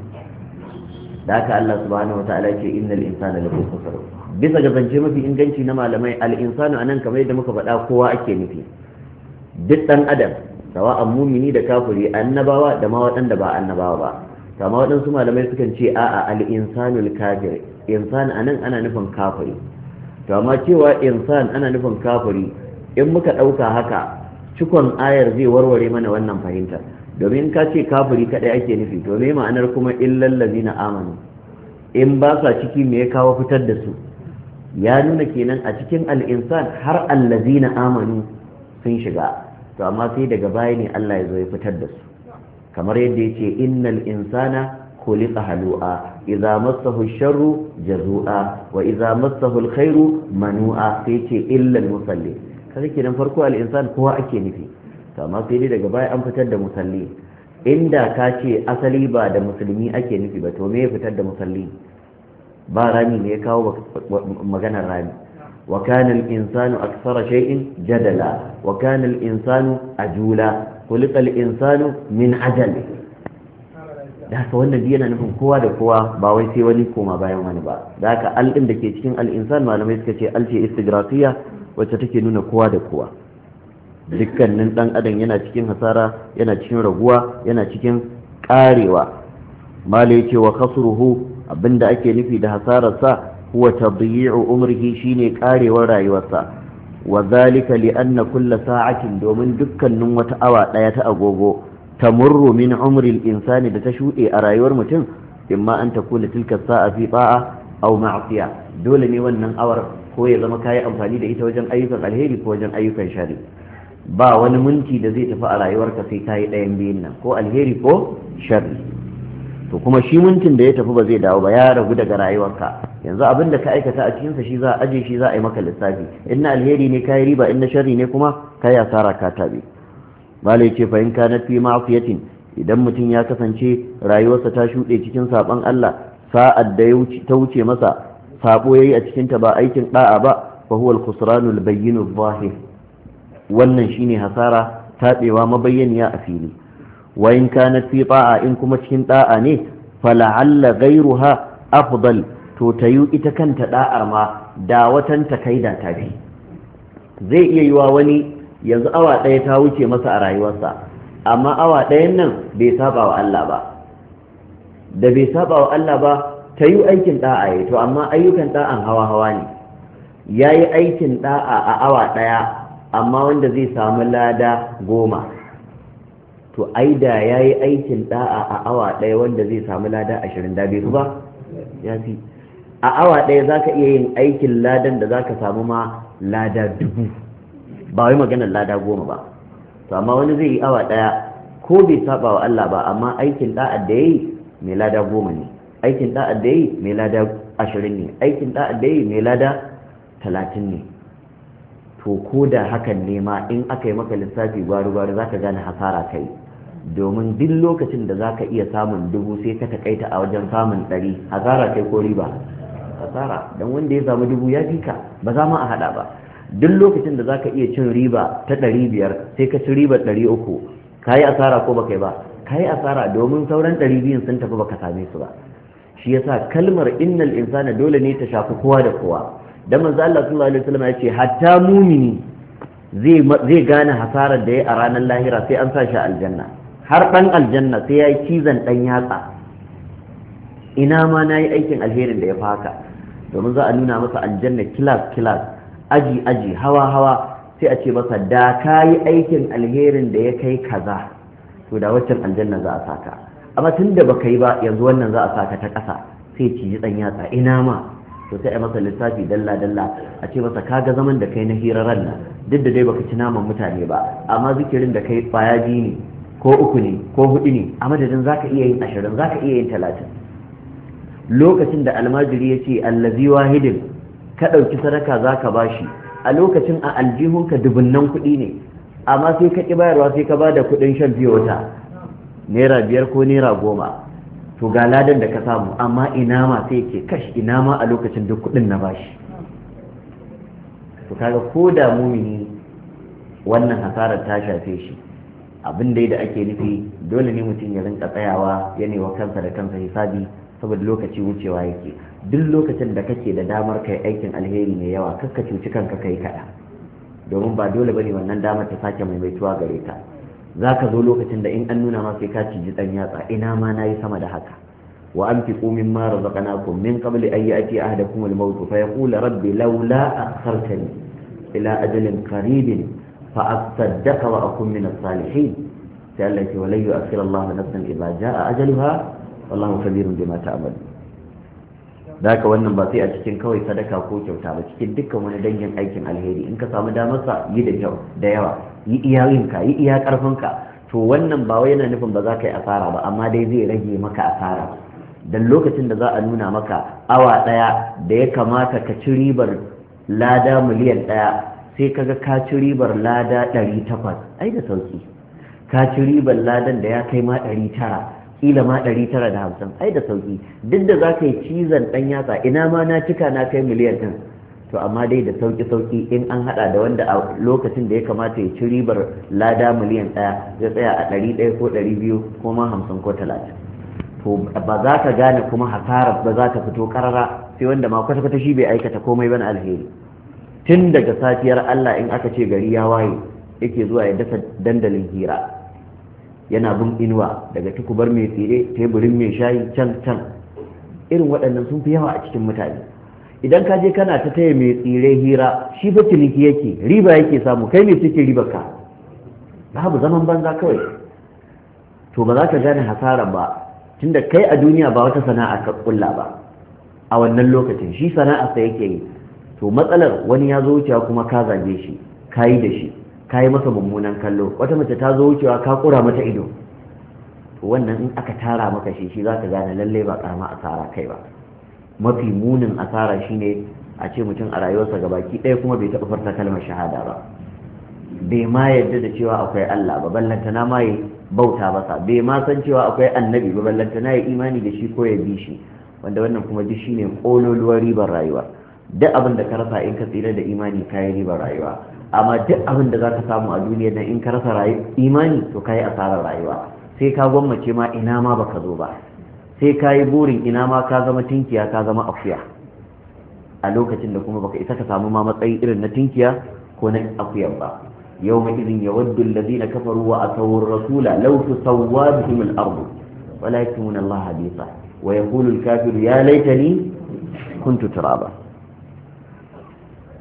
da haka Allah subhanahu wataala ce innal insana lafi khusr bisa ga zance mafi inganci na malamai al-insanu anan kamar yadda muka faɗa kowa ake nufi duk dan adam sawa'an mumini da kafiri annabawa da ma waɗanda ba annabawa ba kama waɗansu malamai sukan ce a'a al-insanu al-kafir insan anan ana nufin kafiri to amma cewa insan ana nufin kafuri, in muka ɗauka haka cikon ayar zai warware mana wannan fahimtar domin ka ce kafiri kaɗai ake nufi to me ma'anar kuma illal na amanu in ba sa ciki me ya kawo fitar da su ya nuna kenan a cikin al'insan har na amanu sun shiga to amma sai daga baya ne Allah ya zo ya fitar da su kamar yadda ya ce innal insana khuliqa halu'a idza massahu sharru jazua wa idza massahu alkhairu manua sai ce illa almusalli kaga kenan farko al-insan kowa ake nufi to amma sai dai daga baya an fitar da musalli inda ka ce asali ba da musulmi ake nufi ba to me ya fitar da musalli ba rami ne ya kawo maganar rami wa kana al-insanu aksara shay'in jadala wa kana al-insanu ajula khuliqa al-insanu min ajali da haka wannan biyu yana nufin kowa da kowa ba wai sai wani koma bayan wani ba da haka al'im da ke cikin al'insan malamai suka ce alce istigrafiya wacce take nuna kowa da kowa dukkanin dan adam yana cikin hasara yana cikin raguwa yana cikin karewa malai ce wa kasruhu abinda ake nufi da hasararsa huwa tadyi'u umrihi shine karewar rayuwarsa wa zalika li anna kulla sa'atin domin dukkanin wata awa daya ta agogo tamurru min umril insani da ta shuɗe a rayuwar mutum imma an ta kula tilka sa'a fi ba'a aw ma'siya dole ne wannan awar ko ya zama kayi amfani da ita wajen ayyukan alheri ko wajen ayyukan shari ba wani minti da zai tafi a rayuwarka sai kayi ɗayan biyun nan ko alheri ko shari to kuma shi mintin da ya tafi ba zai dawo ba ya ragu daga rayuwarka yanzu abin da ka aikata a cikinsa shi za shi za a yi maka lissafi in na alheri ne kayi riba in na shari ne kuma kayi asara ka tabi malai ce fa in kana fi ma'siyatin idan mutum ya kasance rayuwarsa ta shuɗe cikin saɓon Allah sa'ad da ta wuce masa saɓo yayi a cikin ta ba aikin ɗa'a ba fa huwa al-khusranu al-bayyin wannan shine hasara taɓewa mabayyaniya a fili wa in kana fi ta'a in kuma cikin ɗa'a ne fala'alla ghayruha afdal to tayi ita kanta da'ar ma da watan ta kai tafi zai iya yiwa wani yanzu awa ɗaya ta wuce masa a rayuwarsa amma awa ɗayan nan bai saba wa Allah ba da bai saba wa Allah ba ta yi aikin ɗa'a ya to amma ayyukan ɗa'an hawa-hawa ne ya yi aikin ɗa'a a awa ɗaya amma wanda zai samu lada goma to ai da ya yi aikin ɗa'a a awa ɗaya wanda zai samu lada ashirin da bai ba ya fi a awa ɗaya za ka iya yin aikin ladan da za ka samu ma lada dubu ba wai maganar lada goma ba to amma wani zai yi awa daya ko bai saba wa Allah ba amma aikin da'a da yayi mai lada goma ne aikin da'a da yayi mai lada ashirin ne aikin da'a da yayi mai lada talatin ne to ko da hakan ne ma in aka yi maka lissafi gwaru-gwaru za ka gane hasara kai domin duk lokacin da za ka iya samun dubu sai ka takaita a wajen samun ɗari hasara kai ko riba hasara don wanda ya samu dubu ya fi ba za mu a haɗa ba duk lokacin da za ka iya cin riba ta ɗari biyar sai ka ci riba ɗari uku ka yi asara ko baka yi ba ka yi asara domin sauran ɗari biyun sun tafi baka same su ba shi yasa kalmar innal insana dole ne ta shafi kowa da kowa dan manzo Allah sallallahu alaihi wasallam ya ce hatta mumini zai zai gane hasarar da ya a ranar lahira sai an sa shi aljanna har dan aljanna sai ya yi cizon dan yatsa ina ma na yi aikin alherin da ya faka domin za a nuna masa aljanna kilas kilas aji aji hawa hawa sai a ce masa da ka yi aikin alherin da ya kai kaza to da waccan aljanna za a saka amma tun da baka yi ba yanzu wannan za a saka ta kasa, sai ci ji ɗan yatsa ina ma to sai a masa lissafi dalla dalla a ce masa kaga zaman da kai na hiraran nan duk da dai baka ci naman mutane ba amma zikirin da kai baya biyu ne ko uku ne ko hudu ne a madadin zaka iya yin ashirin zaka iya yin talatin lokacin da almajiri ya ce allazi wahidin ka ɗauki sadaka za ka ba shi a lokacin a aljihunka dubunnan kuɗi ne amma sai ka ƙi bayarwa sai ka ba da kuɗin shan biyo wata naira biyar ko naira goma to ga ladan da ka samu amma ina ma sai ke kash ina ma a lokacin duk kuɗin na bashi to kaga ko da mumini wannan hasarar ta shafe shi abin dai da ake nufi dole ne mutum ya rinka tsayawa ya wa kansa da kansa hisabi saboda lokaci wucewa yake duk lokacin da kake da damar kai aikin alheri mai yawa kakka cuci kanka kai kaɗa domin ba dole bane wannan damar ta sake maimaituwa gare ka za ka zo lokacin da in an nuna ma sai ka ciji ɗan yatsa ina ma na yi sama da haka wa an fi ƙumin ma razaqnakum min qabli an a ahadakum al-maut fa yaqulu rabbi laula akhartani ila ajalin qaribin fa asaddaqa wa a min salihin sai Allah ya ce wa la yu'akhiru Allahu nafsan idza jaa ajaluha wallahu kabirun bima ta'malun da haka wannan ba sai a cikin kawai sadaka ko kyauta ba cikin dukkan wani dangin aikin alheri in ka samu damar sa yi da kyau da yawa yi iya yi iya karfinka to wannan ba wai yana nufin ba za ka yi asara ba amma dai zai rage maka asara dan lokacin da za a nuna maka awa daya da ya kamata ka ci ribar lada miliyan daya sai kaga ka ci ribar lada ɗari takwas ai da sauki ka ci ribar ladan da ya kai ma ɗari tara kila ma ɗari tara da hamsin ai da sauki duk da za ka yi cizon ɗan yatsa ina ma na cika na kai miliyan ɗin to amma dai da sauki sauki in an haɗa da wanda a lokacin da ya kamata ya ci ribar lada miliyan ɗaya ya tsaya a ɗari ɗaya ko ɗari biyu ko ma hamsin ko talatin to ba za ka gane kuma hasarar ba za ta fito karara sai wanda ma kwata-kwata shi bai aikata komai ba na alheri tun daga safiyar Allah in aka ce gari ya waye yake zuwa ya dasa dandalin hira yana bin inuwa daga tukubar mai tsire teburin mai shayi can can irin waɗannan sun fi yawa a cikin mutane idan ka je kana ta taya mai tsire hira shi fa ciniki yake riba yake samu kai mai cikin ribar ka babu zaman banza kawai to ba za ka gane hasara ba tunda kai a duniya ba wata sana'a ka kulla ba a wannan lokacin shi sana'a sa yake yi to matsalar wani ya zo wucewa kuma ka zage shi ka yi da shi ka yi masa mummunan kallo wata mace ta zo wucewa ka kura mata ido wannan in aka tara maka shi shi za ka gane lallai ba karama asara kai ba mafi munin asara shine a ce mutum a rayuwarsa gabaki ɗaya kuma bai taɓa farta kalmar shahada ba bai ma yarda da cewa akwai Allah ba ballantana ma bauta bauta sa, bai ma san cewa akwai annabi ba ballantana ya imani da shi ko ya bi shi wanda wannan kuma duk shine ƙololuwar ribar rayuwa duk abin da ka rasa in ka tsira da imani yi ribar rayuwa amma duk abin da za ka samu a duniya nan in ka rasa imani to ka yi asarar rayuwa sai ka gwammace ma ina ma baka zo ba sai ka yi burin ina ma ka zama tinkiya ka zama akuya a lokacin da kuma baka isa ka samu ma matsayi irin na tinkiya ko na akuyan ba yau mai izin ya waddu na kafaru wa tsawon rasula law tusawwa bihim al-ardu walakin Allah hadisa wa ya kulu kafiru ya laitani kuntu turaba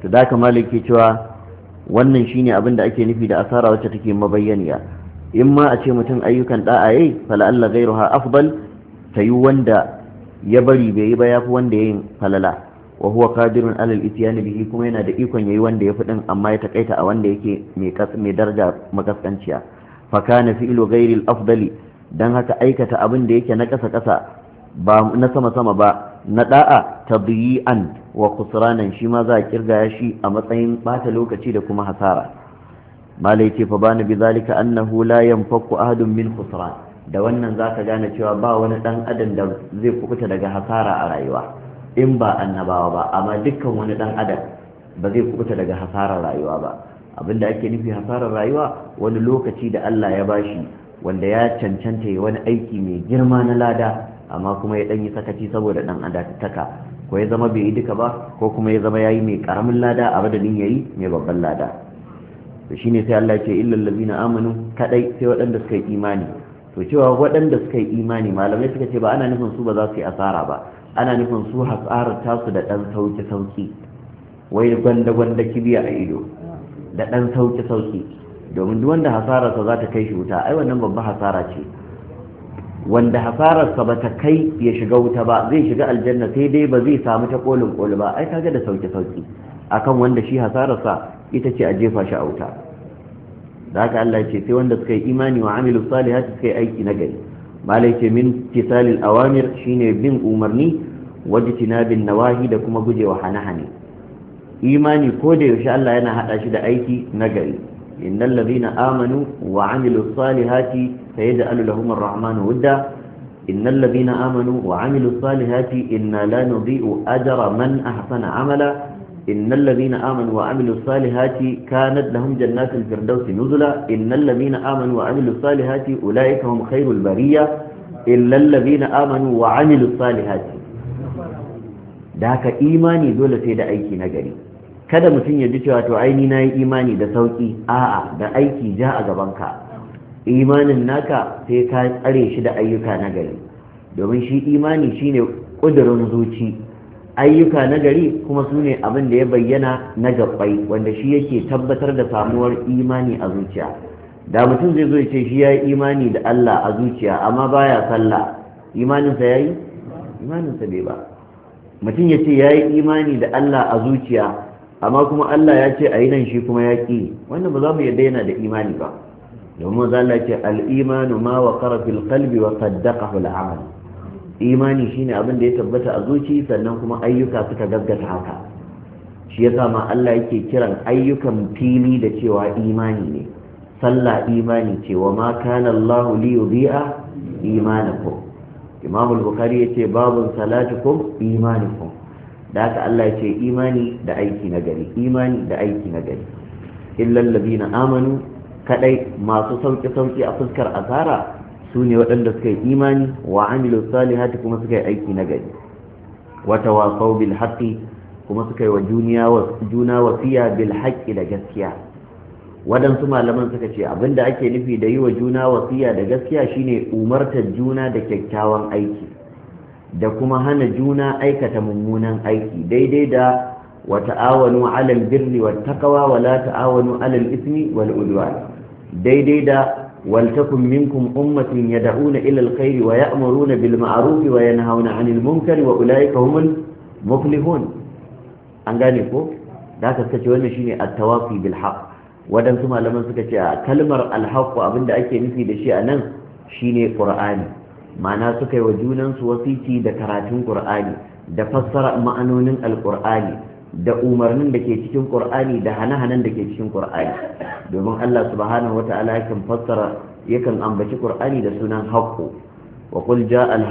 to da ka maliki cewa wannan shine abin da ake nufi da asara wacce take mabayyaniya in ma a ce mutum ayyukan da'a yayi fala'alla Afbal afdal yi wanda ya bari bai yi ba yafi wanda yayin falala wa huwa qadirun alal ityani bihi kuma yana da ikon ya yi wanda yafi din amma ya takaita a wanda yake mai daraja makaskanciya fa kana fi'lu ghairil afdali dan haka aikata abin da yake na kasa kasa ba na sama sama ba na da'a an wa khusranan shi ma za a kirga shi a matsayin bata lokaci da kuma hasara malai ce fa bani bi zalika annahu la yanfaku ahadun min khusran da wannan zaka gane cewa ba wani dan adam da zai kubuta daga hasara a rayuwa in ba annabawa ba amma dukkan wani dan adam ba zai kubuta daga hasara rayuwa ba abinda ake nufi hasarar rayuwa wani lokaci da Allah ya bashi wanda ya cancanta wani aiki mai girma na lada amma kuma ya dan yi sakaci saboda dan adataka ko ya zama bai yi duka ba ko kuma ya zama yayi mai karamin lada a madadin yayi mai babban lada to shine sai Allah ya ce illal ladina amanu kadai sai waɗanda suka yi imani to cewa waɗanda suka yi imani malamai suka ce ba ana nufin su ba za su yi asara ba ana nufin su hasarar tasu da dan sauki sauki wai gwanda gwanda kibiya a ido da dan sauki sauki domin duk wanda hasararsa za ta kai shi wuta ai wannan babban hasara ce wanda hasararsa ba ta kai ya shiga wuta ba zai shiga aljanna sai dai ba zai samu ta kolin koli ba ai kaga da sauki sauki akan wanda shi hasararsa ita ce a jefa shi a wuta da haka Allah ce sai wanda suka yi imani wa amilu salihati suka yi aiki na gari malai ce min tisalil awamir shine bin umarni wajtina bin nawahi da kuma gujewa hane-hane imani ko da yaushe Allah yana hada shi da aiki na gari innal ladina amanu wa amilu salihati فيجعل لهم الرحمن ودا إن الذين آمنوا وعملوا الصالحات إنا لا نضيء أجر من أحسن عملا إن الذين آمنوا وعملوا الصالحات كانت لهم جنات الفردوس نزلا إن الذين آمنوا وعملوا الصالحات أولئك هم خير البرية إلا الذين آمنوا وعملوا الصالحات ذاك إيماني دولة سيدة أيكي نجري kada mutum ya ji cewa to aini na yi imani da sauki a'a da aiki ja a gabanka imanin naka sai ka tsare shi da ayyuka na gari domin shi imani shine ƙudurin zuci ayyuka na gari kuma su ne abin da ya bayyana na gabbai wanda shi yake tabbatar da samuwar imani a zuciya da mutum zai zo ce shi ya yi imani da Allah a zuciya amma baya sallah imaninsa ya yi imaninsa bai ba mutum ya ce ya yi imani da Allah a zuciya amma kuma Allah ya ce a yi nan shi kuma ya ƙi wannan ba za mu yarda yana da imani ba domin zalla ce al'imanu ma wa karafil kalbi wa saddaqahu al'amal imani shine abin da ya tabbata a zuci sannan kuma ayyuka suka gaggata haka shi yasa ma Allah yake kiran ayyukan fili da cewa imani ne sallah imani ce wa ma kana Allah li yudhi'a imanakum Imam al-Bukhari yace babun salatukum imanukum da haka Allah yace imani da aiki na gari imani da aiki na gari illal ladina amanu kadai masu sauƙi sauki a fuskar asara su ne waɗanda suka yi imani wa amilu salihati kuma suka yi aiki na gari wata wasau bil haqqi kuma suka yi wa juna wasiya bil haqqi da gaskiya waɗansu malaman suka ce abinda ake nufi da yi wa juna wasiya da gaskiya shine umartar juna da kyakkyawan aiki da kuma hana juna aikata mummunan aiki daidai da wata ta'awanu alal birri wa takawa wa la ta'awanu alal ismi wal udwan daidai da waltakun minkum ummatin yad'una ila alkhairi wa ya'muruna bil ma'ruf wa yanhauna 'anil munkari wa ulaika humul muflihun an gane ko da ka suka ce wannan shine at-tawafi bil haqq malaman suka ce a kalmar al-haqq abinda ake nufi da shi a nan shine qur'ani ma'ana suka yi wa junansu wasiki da karatun qur'ani da fassara ma'anonin al-qur'ani da umarnin da ke cikin ƙur'ani da hane-hanen da ke cikin ƙur'ani domin Allah subhanahu wata'ala yakan fassara yakan ambaci Kur'ani da sunan haqqo wa qul jaa al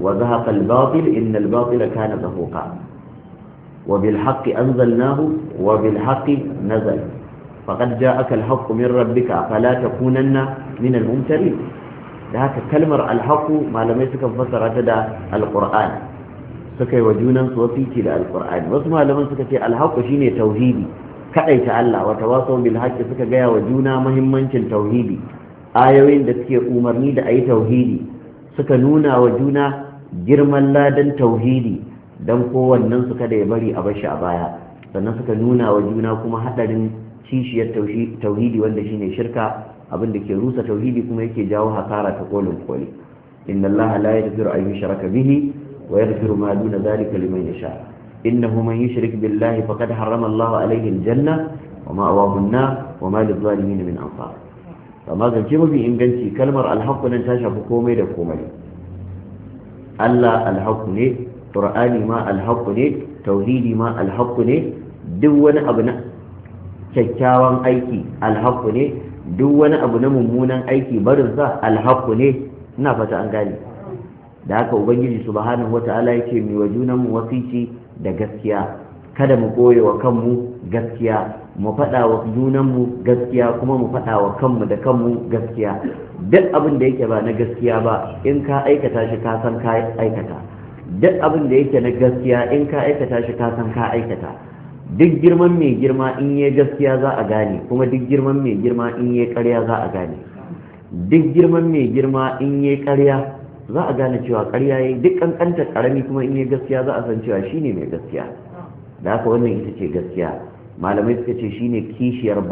wa zahaqa al-batil inna al-batila kana zahuqa wa bil haqqi anzalnahu wa bil haqqi nazal faqad ja'aka al-haqqu min rabbika fala takunanna min al da haka kalmar al malamai suka fassara ta da alƙur'ani suka yi wa junan su wasiki da alkur'ani wasu malaman suka ce alhaqu shine tauhidi ta Allah wata tawasaw bil haqqi suka gaya wa juna muhimmancin tauhidi ayoyin da suke umarni da ayi tauhidi suka nuna wa juna girman ladan tauhidi dan kowannen su kada ya bari a bashi a baya sannan suka nuna wa juna kuma hadarin kishiyar tauhidi wanda shine shirka abin da ke rusa tauhidi kuma yake jawo hasara ta kolin koli inna allaha la yaghfiru an bihi ويغفر ما دون ذلك لمن يشاء إنه من يشرك بالله فقد حرم الله عليه الجنة ومأواه النار وما للظالمين من أنصار فما زنجم في إنجنسي كلمة الحق لن تشعب كومي لكومي ألا الحق ني قرآني ما الحق ني توحيدي ما الحق ني دون أبناء kyakkyawan aiki alhaku ne duk wani abu na mummunan aiki barinsa alhaku ne ina fata an gane da haka ubangiji subhanahu wata'ala yake mai wa junanmu wasici da gaskiya kada mu koye wa kanmu gaskiya mu faɗa wa junanmu gaskiya kuma mu faɗa wa kanmu da kanmu gaskiya duk abin da yake ba na gaskiya ba in ka aikata shi ka san ka aikata duk abin da yake na gaskiya in ka aikata shi ka san ka aikata duk girman mai girma in yi gaskiya za a gane kuma duk girman mai girma in yi ƙarya za a gane duk girman mai girma in yi karya za a gane cewa ƙarya yi duk ƙanƙantar ƙarami kuma in yi gaskiya za a san cewa shi ne mai gaskiya da haka wannan ita ce gaskiya malamai suka ce shi ne kishiyar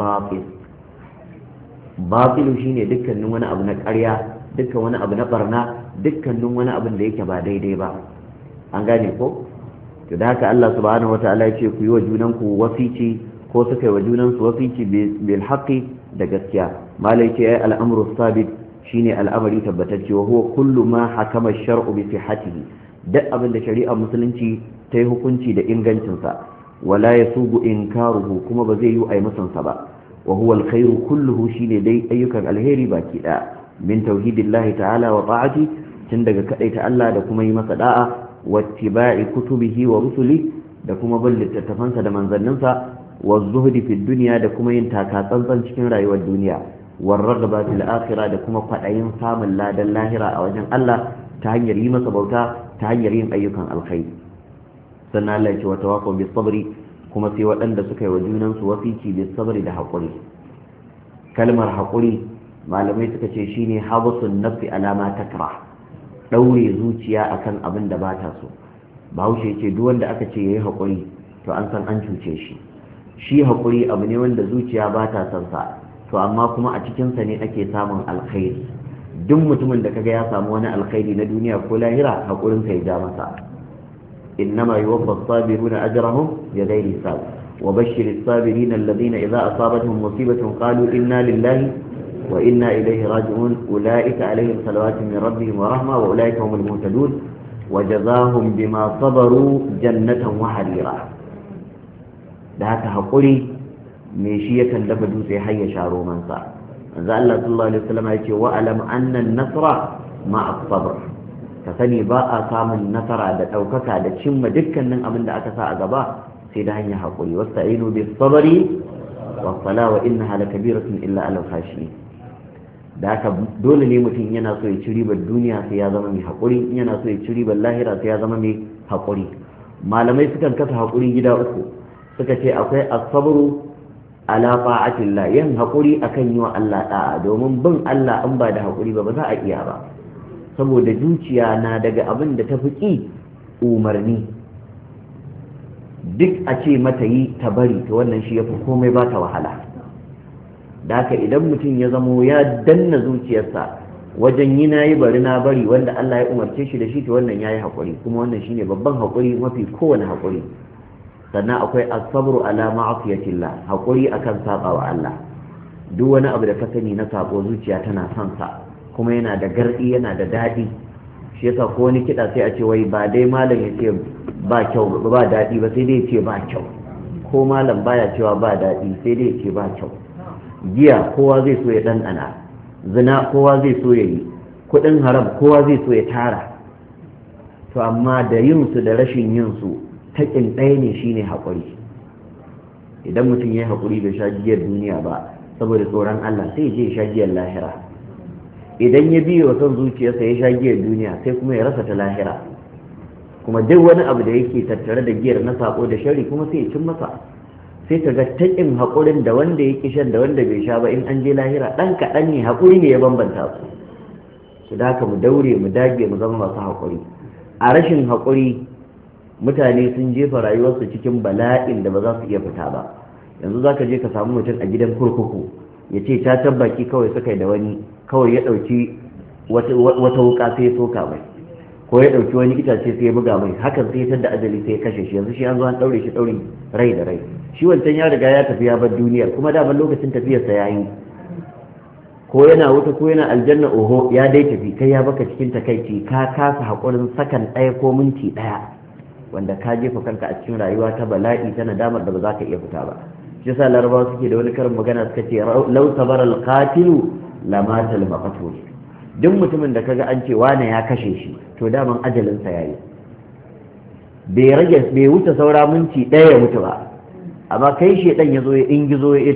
Bafilu shi ne dukkanin wani abu na ƙarya dukkan wani abu na barna dukkanin wani abu da yake ba daidai ba an gane ko to da haka Allah subhanahu wataala ya ce ku yi wa junanku wasici ko suka yi wa junansu wasici bil haqqi da gaskiya malai ce ai al'amru sabit shine al'amari tabbatacce wa huwa kullu ma hakama shar'u bi sihhatihi duk abin da shari'ar musulunci ta yi hukunci da ingancinsa wala yasugu inkaruhu kuma ba zai yi ai musansa ba wa huwa alkhairu kulluhu shine dai ayyukan alheri baki ɗaya, min tauhidillahi ta'ala wa ta'ati tun daga kadaita Allah da kuma yi masa da'a wa ittiba'i kutubihi wa rusuli da kuma bin littattafansa da manzanninsa wa zuhdi fid dunya da kuma yin taka tsantsan cikin rayuwar duniya warragaba fil akhirah da kuma kwadayin samun ladan lahira a wajen Allah ta hanyar yi masa bauta ta hanyar yin ayyukan alkhairi sannan Allah ya ce wa tawaffau bis sabri kuma sai waɗanda suka yi wa junan su wasiki bis sabri da haƙuri kalmar haƙuri malamai suka ce shine habasun nafsi alama takra Ɗaure zuciya akan abin da bata so bahaushe ce duk wanda aka ce ya yi haƙuri to an san an cuce shi shi haƙuri abu ne wanda zuciya bata son sa to amma kuma a cikinsa ne ake samun alkhairi duk mutumin da kaga ya samu wani alkhairi na duniya ko lahira hakurin sa ya ja masa innama yuwaffa as-sabiruna ajrahum bi ghairi hisab wa bashshir as-sabirin alladhina idza asabatuhum musibatun qalu inna lillahi wa inna ilayhi raji'un ulaika alaihim salawatun min rabbihim wa rahma wa ulaika humul muhtadun wa jazaahum bima sabaru jannatan wa harira da haka hakuri me shi yakan dafa dutse har ya sha romansa manzo Allah sallallahu alaihi wasallam ya ce wa alam anna an-nasra ma'a sabr ka sani ba a samun nasara da ɗaukaka da cimma dukkanin abin da aka sa a gaba sai da hanyar haƙuri wasta'inu bis sabri was sala wa innaha lakabiratun illa alal da haka dole ne mutum yana so ya ci ribar duniya sai ya zama mai haƙuri yana so ya ci ribar lahira sai ya zama mai haƙuri malamai sukan kasa hakuri gida uku suka ce akwai asabru ala atilla yin hakuri akan yi wa Allah da'a domin bin Allah an ba da hakuri ba za a iya ba saboda zuciya na daga abin da ta fi ƙi umarni duk a ce mata yi ta bari ta wannan shi ya fi komai ba ta wahala Daka idan mutum ya zamo ya danna zuciyarsa wajen yi na yi bari na bari wanda Allah ya umarce shi da shi ta wannan ya yi haƙuri kuma wannan shine babban hakuri mafi kowane hakuri. sannan akwai asabru ala ma'asiyatillah hakuri akan saba wa Allah duk wani abu da ka sani na sako zuciya tana son sa kuma yana da gardi yana da dadi shi yasa ko wani kida sai a ce wai ba dai malam yace ba kyau ba dadi ba sai dai yace ba kyau ko malam baya cewa ba dadi sai dai yace ba kyau giya kowa zai so ya dandana zina kowa zai so ya yi kudin haram kowa zai so ya tara to amma da yin su da rashin yin su taƙin ɗaya ne shi ne haƙuri idan mutum ya yi haƙuri bai sha giyar duniya ba saboda tsoron Allah sai ya je ya sha giyar lahira idan ya biyo wa son zuciyarsa ya sha giyar duniya sai kuma ya rasa ta lahira kuma duk wani abu da yake tattare da giyar na saƙo da shari kuma sai ya cin masa sai ka ga taƙin haƙurin da wanda ya shan da wanda bai sha ba in an je lahira ɗan kaɗan ne haƙuri ne ya bambanta su su da mu daure mu dage mu zama masu haƙuri a rashin haƙuri mutane sun jefa rayuwarsu cikin bala'in da ba za su iya fita ba yanzu za ka je ka samu mutum a gidan kurkuku ya ce ta baki kawai suka da wani kawai ya ɗauki wata wuka sai ya soka mai ko ya ɗauki wani itace sai ya buga mai hakan sai ya da ajali sai ya kashe shi yanzu shi an zo an ɗaure shi ɗaurin rai da rai shi wancan ya riga ya tafi ya bar duniyar kuma daman lokacin tafiyarsa ya yi ko yana wuta ko yana aljanna oho ya dai tafi kai ya baka cikin takaici ka kasa haƙurin sakan ɗaya ko minti ɗaya wanda ka jefa kanka a cikin rayuwa ta bala'i ta nadamar da ba za ka iya fita ba shi sa larabawa suke da wani karin magana suka ce lau sabar alqatilu lamata almaqtul duk mutumin da kaga an ce wane ya kashe shi to daman ajalinsa ya yi. bai rage bai wuce saura minti ɗaya ya mutu ba amma kai shi ɗan ya zo ya ingizo ya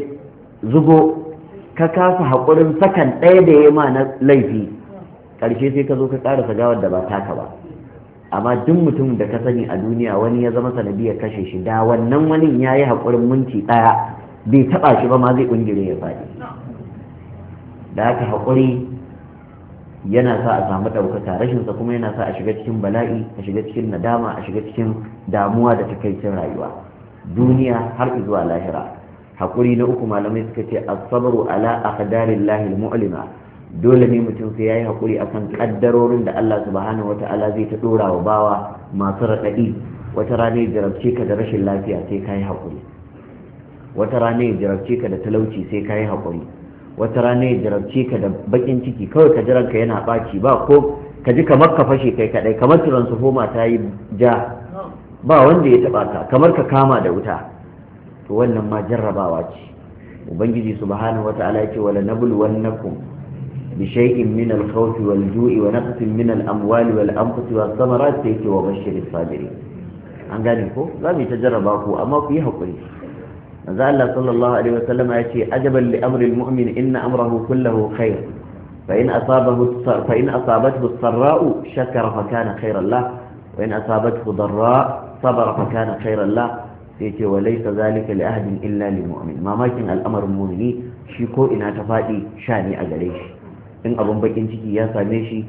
zugo ka kasa haƙurin sakan ɗaya da ya ma na laifi ƙarshe sai ka zo ka ƙarasa gawar da ba taka ba amma duk mutum da ka sani a duniya wani ya zama sanadiyar kashe shi da wannan wani ya yi haƙurin minti ɗaya bai taɓa shi ba ma zai ƙungire ya faɗi da haka haƙuri yana sa a samu ɗaukaka rashinsa kuma yana sa a shiga cikin bala'i a shiga cikin nadama a shiga cikin damuwa da takaicin rayuwa duniya har zuwa lahira haƙuri na uku malamai suka ce asabaru ala aqdarillahi al-mu'lima dole ne mutum sai ya yi haƙuri a kan ƙaddarorin da Allah subhanahu wa ta'ala zai ta ɗora wa bawa masu raɗaɗi wata rana ya jarabce ka da rashin lafiya sai ka yi haƙuri wata rana ya jarabce ka da talauci sai ka yi haƙuri wata rana ya jarabce ka da baƙin ciki kawai ka jiran ka yana ɓaci ba ko ka ji kamar ka fashe kai kaɗai kamar homa ta yi ja ba wanda ya taɓa ka kamar ka kama da wuta to wannan ma jarrabawa ce ubangiji subhanahu wa ta'ala ya ce wala nabluwannakum بشيء من الخوف والجوع ونقص من الأموال والأنفس والثمرات سيتي وبشر الصابرين an gane ko za mu yi ta amma ku yi haƙuri manzo Allah sallallahu alaihi wasallam ya ce ajaban li amri almu'min inna amrahu kulluhu khair fa in asabahu fa in asabathu sarra'u shakara fa kana khairan lah wa in asabathu darra sabara fa kana khairan ce wa laysa illa mamakin mu'mini shi ko ina ta shani a gare shi in abin bakin ciki ya same shi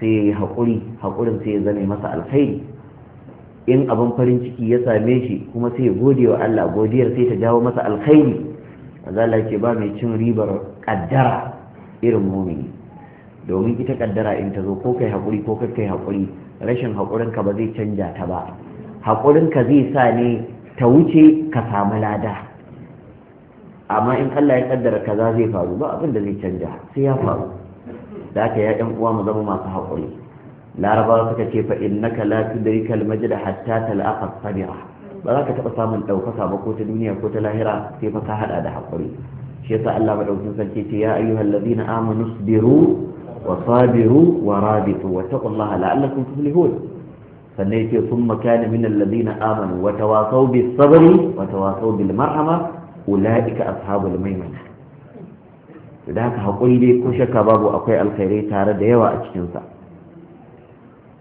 sai ya yi haƙuri haƙurin sai ya zame masa alkhairi in abin farin ciki ya same shi kuma sai ya gode wa Allah godiyar sai ta jawo masa alkhairi azala ke ba mai cin ribar kaddara irin mumini domin ita kaddara in ta zo ko kai haƙuri ko kai haƙuri rashin ka ba zai canja ta ba haƙurinka zai sa ne ta wuce ka samu lada amma in Allah ya kaddara kaza zai faru ba abin da zai canja sai ya faru da aka ya ɗan uwa mu zama masu haƙuri larabawa suka ce fa innaka la tudrika al-majd hatta talqa as-sabira ba za ka taɓa samun ɗaukaka ba ko ta duniya ko ta lahira sai fa ka haɗa da haƙuri shi yasa Allah madaukakin sarki ce ya ayyuhal ladina amanu sabiru wa sabiru wa rabitu wa taqullaha la'allakum tuflihun sannan yake sun makani min alladhina amanu wa tawasaw bis sabri wa tawasaw bil marhama ulaika ashabul maimana da haka haƙuri dai ko shakka babu akwai alkhairai tare da yawa a cikinsa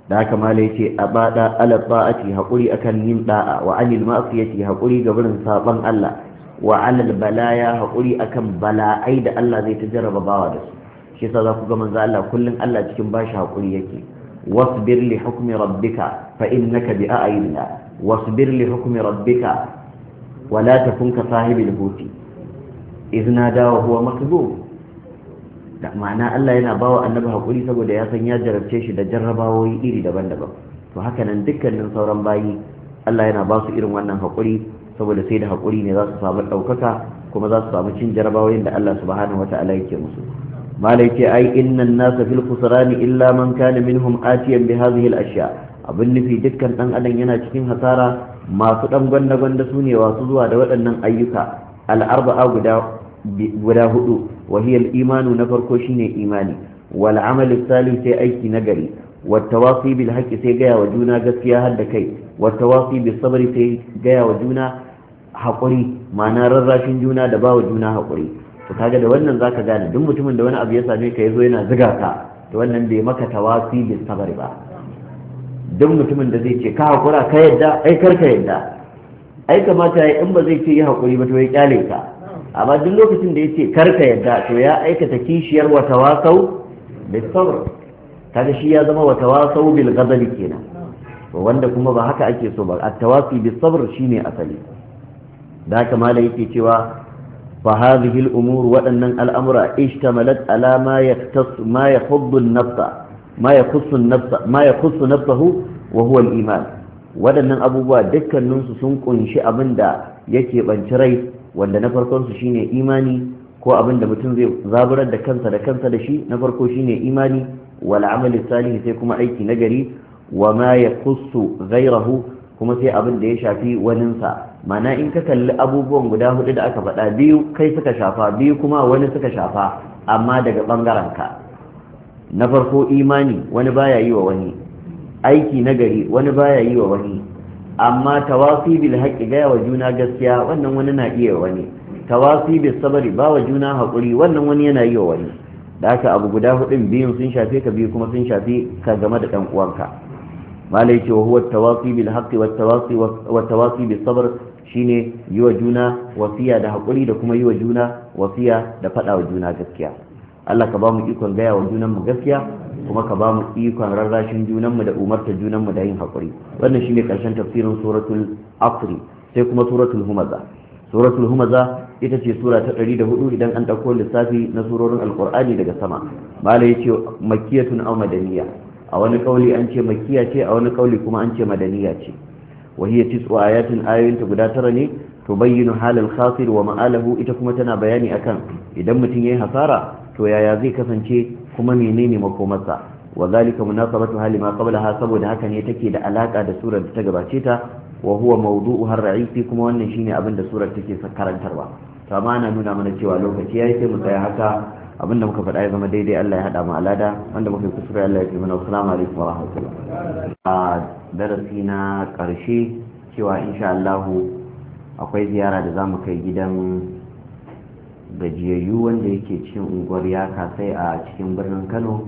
da haka mala ya ce a baɗa a ba'ati haƙuri akan yin ɗa'a wa anil ma'asiyati haƙuri ga barin saɓon Allah wa alal balaya haƙuri akan bala'ai da Allah zai ta jarraba bawa da su shi yasa za ku ga manzo Allah kullun Allah cikin bashi haƙuri yake wasbir li hukmi rabbika fa innaka bi a'yunina wasbir li hukmi rabbika ولا تكن كصاحب الحوت إذ نادى وهو مكذوب da ma'ana Allah yana bawa annabi hakuri saboda ya san ya jarabce shi da jarrabawoyi iri daban-daban to hakanan dukkanin sauran bayi Allah yana ba su irin wannan hakuri saboda sai da hakuri ne za su samu ɗaukaka kuma za su samu cin jarrabawoyin da Allah subhanahu wata'ala yake musu malai ce ai innan nasa fil khusrani illa man kana minhum atiyan bi hadhihi al ashya abin nufi dukkan dan adam yana cikin hasara masu dan gwanda-gwanda sune wasu zuwa da waɗannan ayyuka al guda guda hudu Wahiyar hiya imanu na farko shine imani wal amal sai aiki nagari wat tawasi sai gaya wa juna gaskiya har da kai wat tawasi bis sabri sai gaya wa juna haƙuri ma'ana rarrashin juna da bawa juna haƙuri to kaga da wannan zaka gane duk mutumin da wani abu ya same ka ya zo yana ziga ka to wannan bai maka tawasi bis ba duk mutumin da zai ce ka haƙura ka yadda ai kar ka yadda ai kamata ya in ba zai ce yi haƙuri ba ta ya kyale ka amma duk lokacin da yace karka yadda to ya aikata kishiyar wa tawasau da sabr kaga shi ya zama wa tawasau bil ghadab kenan wanda kuma ba haka ake so ba at tawafi bis sabr shine asali da haka mala yake cewa fa hadhihi al-umur waɗannan al'amura ishtamalat ala ma yaqtas ma yakhuddu an-nafsa ma yakhussu an-nafsa ma yakhussu nafsahu wa huwa al-iman waɗannan abubuwa dukkaninsu sun kunshi abin da yake banci rai wanda na farkon su shine imani ko abin da mutum zai zaburar da kansa da kansa da shi na farko shine imani wal amali sai kuma aiki nagari wa ma zai rahu, kuma sai abin da ya shafi waninsa mana in ka kalli abubuwan guda hudu da aka faɗa biyu kai suka shafa biyu kuma wani suka shafa amma daga bangaren ka na farko imani wani baya yi wa wani aiki nagari wani baya yi wa wani amma tawafi bil haqqi gaya wa juna gaskiya wannan wani na iya wani tawafi bil sabri ba wa juna haƙuri wannan wani yana iya wani da haka abu guda hudun biyun sun shafe ka biyu kuma sun shafe ka game da ɗan uwanka malai ce wa huwa tawafi bil haqqi wa tawafi bil sabar shine yi wa juna wasiya da haƙuri da kuma yi wa juna wasiya da faɗa wa juna gaskiya Allah ka ba mu ikon gaya wa junanmu gaskiya kuma ka ba mu ikon rarrashin junanmu da umarta junanmu da yin haƙuri wannan shine karshen tafsirin suratul asri sai kuma suratul humaza suratul humaza ita ce sura ta 104 idan an ɗauko lissafi na surorin alƙur'ani daga sama Malam ya ce makiyatun aw madaniya a wani kauli an ce makiya ce a wani kauli kuma an ce madaniya ce wa hiya tis'u ayatin ayoyinta guda tara ne tubayyinu halal khasir wa ma'alahu ita kuma tana bayani akan idan mutum yi hasara to yaya zai kasance kuma menene makomarsa wa zalika munasabatu hali ma qablaha saboda haka ne take da alaka da surar da ta gabace ta wa huwa mawdu'u har ra'isi kuma wannan shine abin da surar take karantarwa to amma ana nuna mana cewa lokaci yayi sai mu tsaya haka abin da muka faɗa ya zama daidai Allah ya hada mu alada wanda muka kusura Allah ya mana assalamu alaikum wa rahmatullah a darasi na karshe cewa insha Allah akwai ziyara da zamu kai gidan gajiyayyu wanda yake cikin unguwar yaka sai a cikin birnin kano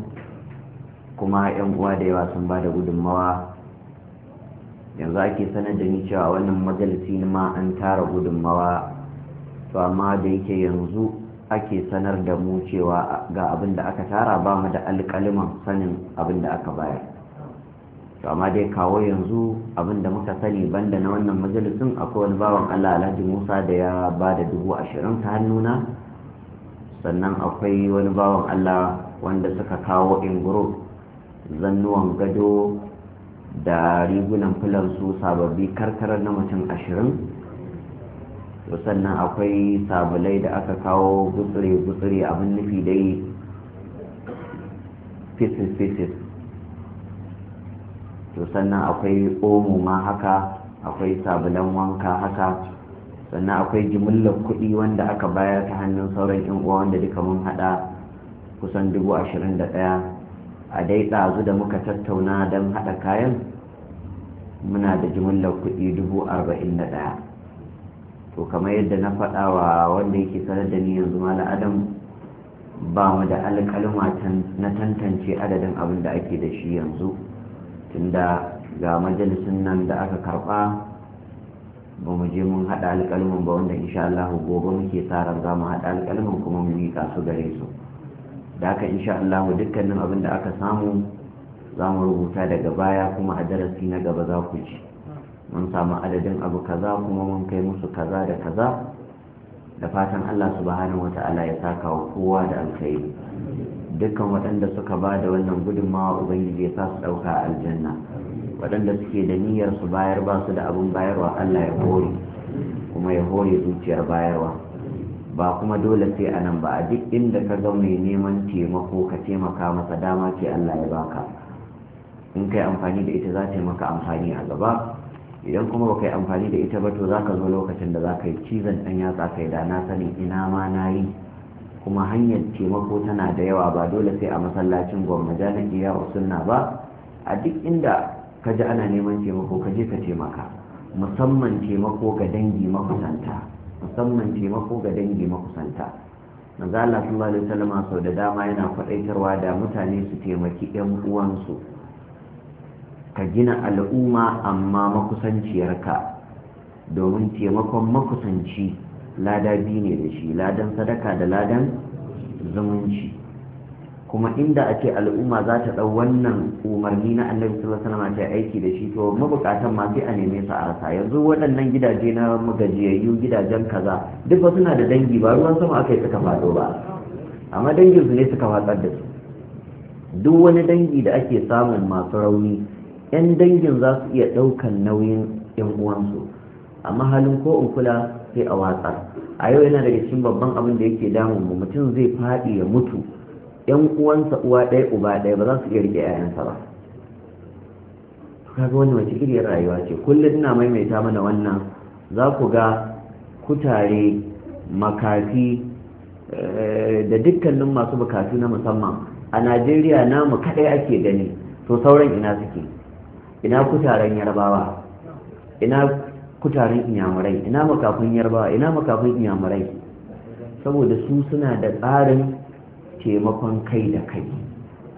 kuma 'yan uwa da yawa sun ba da gudunmawa yanzu ake sanar da ni cewa wannan majalisi ma an tara gudunmawa to amma da yake yanzu ake sanar da mu cewa ga abin da aka tara ba mu da alƙaliman sanin abin da aka bayar to amma dai kawo yanzu abin da muka sani banda na wannan majalisun akwai wani bawan allah alhaji musa da ya ba da dubu ashirin ta hannuna sannan akwai wani bawan allah wanda suka kawo in zannuwan gado da rigunan fulansu sababbi karkarar na mutum ashirin sannan akwai sabulai da aka kawo gutsure-gutsure abin nufi dai fisis-fisis to sannan akwai omo ma haka akwai sabulan wanka haka sannan akwai jimillar kuɗi wanda aka bayar ta hannun sauran yan uwa wanda duka mun haɗa kusan dubu ashirin da ɗaya a dai ɗazu da muka tattauna don haɗa kayan muna da jimillar kuɗi dubu arba'in da ɗaya to kamar yadda na faɗa wa wanda yake sanar da ni yanzu mala adam ba mu da alƙaluma na tantance adadin abin da ake da shi yanzu inda ga majalisun nan da aka karba ba mu je mun haɗa alƙalmin ba wanda insha Allah gobe muke tsaron za mu haɗa alƙalmin kuma mu miƙa su gare su da aka insha Allah dukkanin abin da aka samu za mu rubuta daga baya kuma a darasi na gaba za ku ji mun samu adadin abu kaza kuma mun kai musu kaza da kaza da fatan Allah subhanahu wata'ala ya saka wa kowa da alkhairi dukkan waɗanda suka ba da wannan gudunmawa ubangiji ya sa su ɗauka a aljanna waɗanda suke da niyyar su bayar ba su da abin bayarwa allah ya hore kuma ya hore zuciyar bayarwa ba kuma dole sai a nan ba a duk inda ka ga mai neman taimako ka taimaka masa dama ke allah ya baka in kai amfani da ita za ta maka amfani a gaba idan kuma ba yi amfani da ita ba to za ka zo lokacin da za ka yi cizon ɗan yatsa kai da na sanin ina ma na yi kuma hanyar taimako tana da yawa ba dole sai a masallacin gwamma jalaki ya sunna ba a duk inda ka ji ana neman taimako ka je ka taimaka musamman taimako ga dangi makusanta musamman taimako ga dangi makusanta maza Allah sallallahu alaihi wasallam sau da dama yana faɗaitarwa da mutane su taimaki yan uwansu ka gina al'umma amma makusanciyarka domin taimakon makusanci lada biyu ne da shi ladan sadaka da ladan zumunci kuma inda a ce al'umma za ta ɗau wannan umarni na annabi sallallahu alaihi wasallam ta aiki da shi to mabukatan ma sai a neme su a rasa yanzu waɗannan gidaje na magajiyayyu gidajen kaza duk ba suna da dangi ba ruwan sama aka yi suka faɗo ba amma dangin su ne suka watsar da su duk wani dangi da ake samun masu rauni yan dangin za su iya ɗaukan nauyin yan uwansu amma halin ko in kula sai a watsa a yau yana daga cikin babban abin da yake damun mu mutum zai faɗi ya mutu yan uwansa uwa ɗaya uba ɗaya ba za su iya rike sa ba kaga wani wace iriyar rayuwa ce kullum ina maimaita mana wannan za ku ga kutare makafi eh, da dukkanin masu bukatu na musamman a najeriya namu kaɗai ake gani to sauran ina suke ina kutaren yarbawa ina kutaren inyamurai ina makafin yarbawa ina makafin inyamurai saboda su suna da tsarin taimakon kai da kai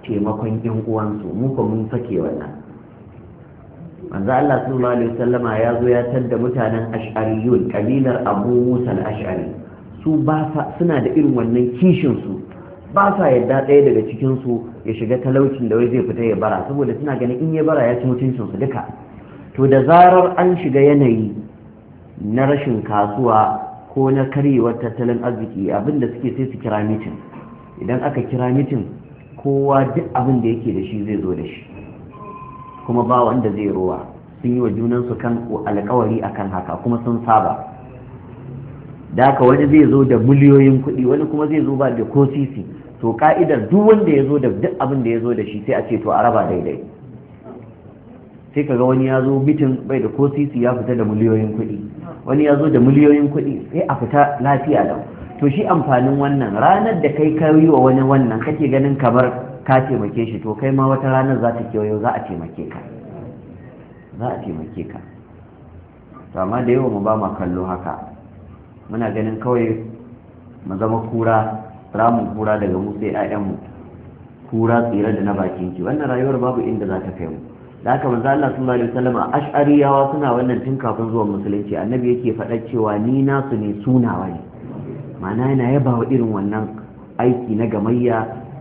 taimakon yan uwansu muka mun sake wannan manzo Allah sallallahu alaihi wasallama ya zo ya tadda mutanen ash'ariyun kabilar Abu Musa al-Ash'ari su ba suna da irin wannan kishin su ba sa yadda ɗaya daga cikin su ya shiga talaucin da wai zai fita ya bara saboda suna ganin in ya bara ya ci mutuncin su duka to da zarar an shiga yanayi na rashin kasuwa ko na karyewar tattalin arziki abinda suke sai su kira mitin idan aka kira mitin kowa duk abin da yake da shi zai zo da shi kuma ba wanda zai ruwa sun yi wa junansu kan alkawari akan haka kuma sun saba da haka wani zai zo da miliyoyin kuɗi wani kuma zai zo ba da ko to ka'idar duk wanda ya zo da duk abin da ya zo da shi sai a ce to a raba daidai sai kaga wani ya zo bitin bai da ko sisi ya fita da miliyoyin kuɗi wani ya zo da miliyoyin kuɗi sai a fita lafiya lau to shi amfanin wannan ranar da kai ka yi wa wani wannan kake ganin kamar ka taimake shi to kai ma wata ranar za ta kewayo za a taimake ka za a taimake ka to amma da yawa mu ba ma kallo haka muna ganin kawai mu zama kura ramu kura daga mu sai 'ya'yanmu kura tsira da na bakin ki wannan rayuwar babu inda za ta kai mu da haka manzo Allah sallallahu alaihi wasallam ash'ariyawa suna wannan tun kafin zuwan musulunci annabi yake faɗa cewa ni su ne sunawa ne ma'ana yana yaba wa irin wannan aiki na gamayya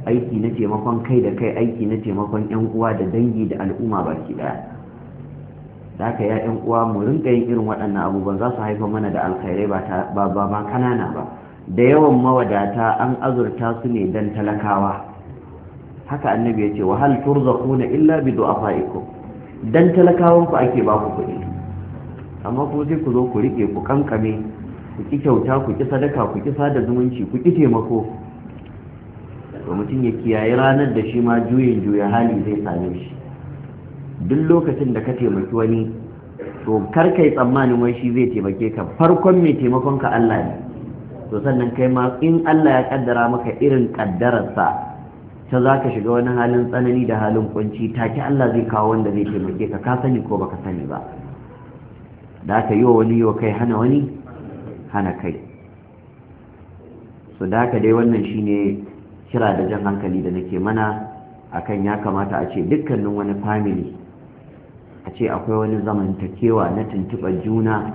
aiki na taimakon kai da kai aiki na taimakon yan uwa da dangi da al'umma baki daya da haka ya yan uwa mu rinka yin irin waɗannan abubuwan za su haifar mana da alkhairai ba ba ba kanana ba da yawan mawadata an azurta su ne dan talakawa haka annabi ya ce wa hal turzaquna illa bi du'afaikum dan talakawan ku ake ba ku kuɗi amma ko sai ku zo ku rike ku kankame ku ki kyauta ku ki sadaka ku ki sada zumunci ku ki taimako to mutum ya kiyaye ranar da shi ma juyin juya hali zai same shi duk lokacin da ka taimaki wani to kar kai tsammanin wai shi zai taimake ka farkon mai taimakon ka Allah ne to sannan kai ma in Allah ya kaddara maka irin kaddararsa ta za ka shiga wani halin tsanani da halin kunci take Allah zai kawo wanda zai taimake ka ka sani ko baka sani ba da aka yi wa wani yi wa kai hana wani hana kai su da aka dai wannan shi ne kira da jan hankali da nake mana a kan ya kamata a ce dukkanin wani family a ce akwai wani zamantakewa na tuntuɓar juna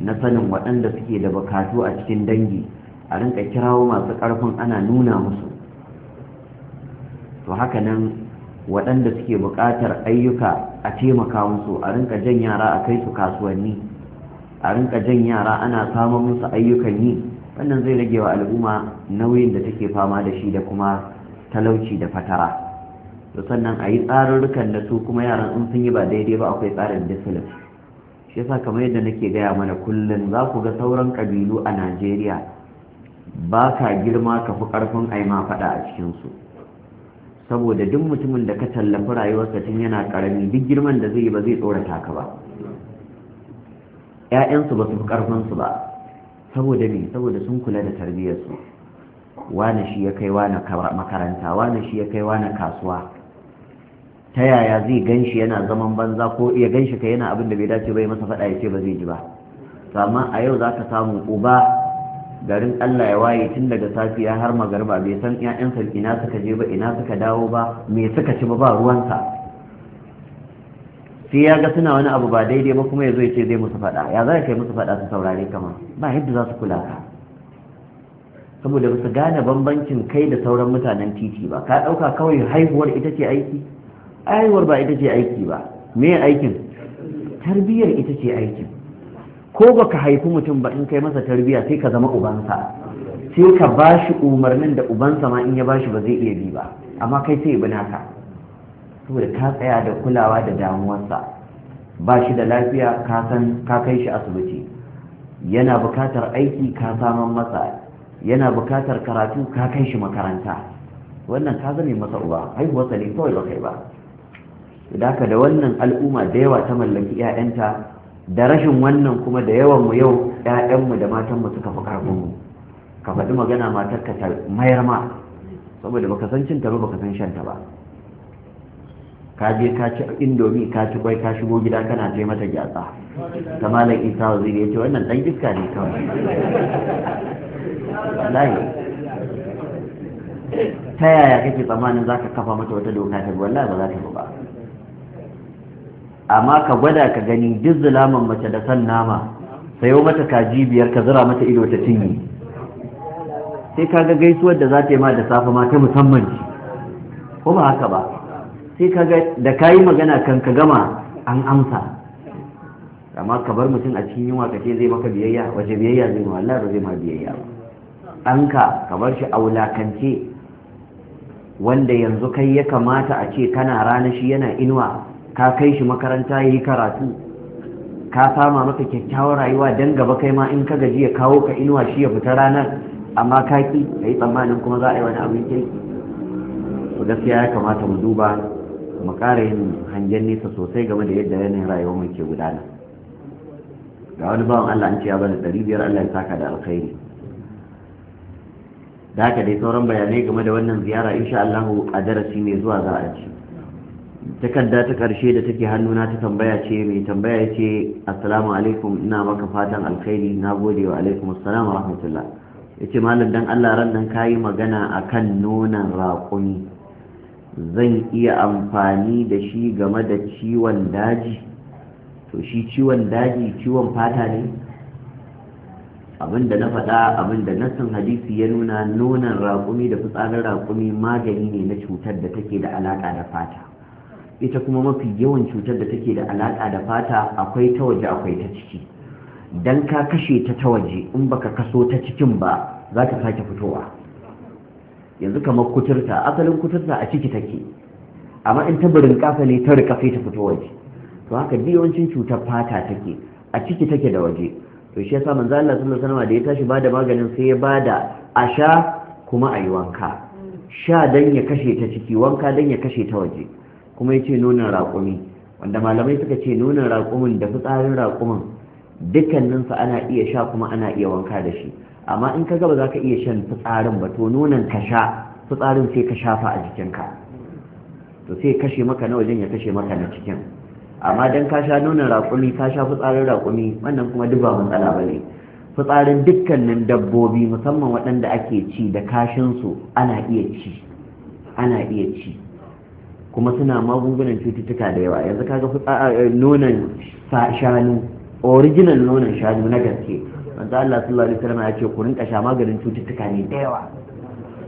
na sanin waɗanda suke da bukatu a cikin dangi a rinka kirawo masu ƙarfin ana nuna musu to haka nan waɗanda suke buƙatar ayyuka a taimaka musu a rinka jan yara a kai su kasuwanni a rinka jan yara ana samun musu ayyukan yi wannan zai rage wa al'umma nauyin da take fama da shi da kuma talauci da fatara to sannan a yi tsarurrukan da su kuma yaran in sun yi ba daidai ba akwai tsarin discipline shi yasa kamar yadda nake gaya mana kullum za ku ga sauran ƙabilu a najeriya ba ka girma ka fi ƙarfin aima faɗa a cikinsu saboda duk mutumin da ka tallafi rayuwarsa tun yana karami duk girman da zai ba zai tsorata ka ba ‘ya'yansu ba su fi ƙarfinsu ba saboda ne saboda sun kula da tarbiyyarsu Wani shi ya kai wani makaranta Wani shi ya kai wani kasuwa ta yaya zai gan shi yana zaman banza ko iya gan shi ka yana abin da bai dace bai masa faɗa ya ce ba zai ji ba amma a yau za ka samu uba garin Allah ya waye tun daga safiya har magarba bai san ƴaƴansa ina suka je ba ina suka dawo ba me suka ci ba ba ruwansa sai ya ga suna wani abu ba daidai ba kuma yazo zo ya ce zai musu faɗa ya za kai musu faɗa su saurare kama ba yadda za su kula ka saboda ba su gane bambancin kai da sauran mutanen titi ba ka ɗauka kawai haihuwar ita ce aiki haihuwar ba ita ce aiki ba me aikin tarbiyyar ita ce aikin ko ba ka haifi mutum ba in kai masa tarbiyya sai ka zama ubansa sai ka ba shi umarnin da ubansa ma in ya ba shi ba zai iya bi ba amma kai sai bi naka saboda ka tsaya da kulawa da damuwarsa ba shi da lafiya ka san ka kai shi asibiti yana bukatar aiki ka saman masa yana bukatar karatu ka kai shi makaranta wannan ka zame masa uba haihuwarsa ne kawai ba kai ba da ka da wannan al'umma da yawa ta mallaki 'ya'yanta da rashin wannan kuma da yawan mu yau ƴaƴanmu da matanmu suka fi karfin mu ka faɗi magana matar ka ta mayar ma saboda baka san cin ba baka san shan ta ba ka je ka ci indomi ka ci kwai ka shigo gida kana je mata gyatsa ta malam isa waziri ya ce wannan dan iska ne kawai wallahi ta yaya kake tsammanin zaka kafa mata wata doka ta wallahi ba za ta ba amma ka gwada ka gani duk zulaman mace da san nama sayo mata kaji biyar ka zura mata ido ta cinye sai ka ga gaisuwar da za ta yi ma da safe ma ta musamman ce ko ba haka ba sai ka da kayi magana kan ka gama an amsa amma ka bar mutum a cikin yunwa ka ce zai maka biyayya wace biyayya zai ma Allah ba zai ma biyayya ba ɗanka ka bar shi a wulakance wanda yanzu kai ya kamata a ce kana rana shi yana inuwa ka kai shi makaranta ya yi karatu ka sama masa kyakkyawar rayuwa don gaba kai ma in ka gaji ya kawo ka inuwa shi ya fita ranar amma ka ki ka yi tsammanin kuma za a yi wani abin kirki to gaskiya ya kamata mu duba mu ƙara yin hangen nesa sosai game da yadda yanayin rayuwar mu ke gudana ga wani bawan Allah an ce ya bani ɗari biyar Allah ya saka da alkhairi da haka dai sauran bayanai game da wannan ziyara insha Allah a darasi mai zuwa za a ci takarda ta karshe da take hannuna ta tambaya ce mai tambaya ce assalamu alaikum ina maka fatan alkhairi na gode wa alaikum assalamu rahmatullah ya ce malam dan allah ran nan ka yi magana a kan nonon raƙumi zan iya amfani da shi game da ciwon daji to shi ciwon daji ciwon fata ne abinda na faɗa abinda na san hadisi ya nuna nonon raƙumi da fitsarin raƙumi magani ne na cutar da take da alaƙa da fata ita kuma mafi yawan cutar da take da alaƙa da fata akwai ta waje akwai ta ciki dan ka kashe ta ta waje in baka kaso ta cikin ba za ta sake fitowa yanzu kamar kuturta asalin kuturta a ciki take amma in ta burin kafa ne ta rika sai ta fito waje to haka duk yawancin cutar fata take a ciki take da waje to shi yasa manzo Allah sallallahu alaihi wasallam da ya tashi bada maganin sai ya bada a sha kuma a yi wanka sha dan ya kashe ta ciki wanka dan ya kashe ta waje kuma ya ce nunin raƙumi wanda malamai suka ce nunin raƙumin da fitsarin raƙumin dukkaninsa ana iya sha kuma ana iya wanka da shi amma in ka gaba za ka iya shan fitsarin ba to nonon ka sha fitsarin sai ka shafa a jikinka to sai kashe maka na wajen ya kashe maka na cikin amma dan ka sha nunin raƙumi ka sha fitsarin raƙumi wannan kuma duk ba matsala ba ne fitsarin dukkanin dabbobi musamman waɗanda ake ci da kashinsu ana iya ci ana iya ci kuma suna magungunan cututtuka da yawa yanzu kaga nonon shanu original nonon shanu na gaske wanda Allah sallallahu alaihi wasallam ya ce ku rinka sha maganin cututtuka ne da yawa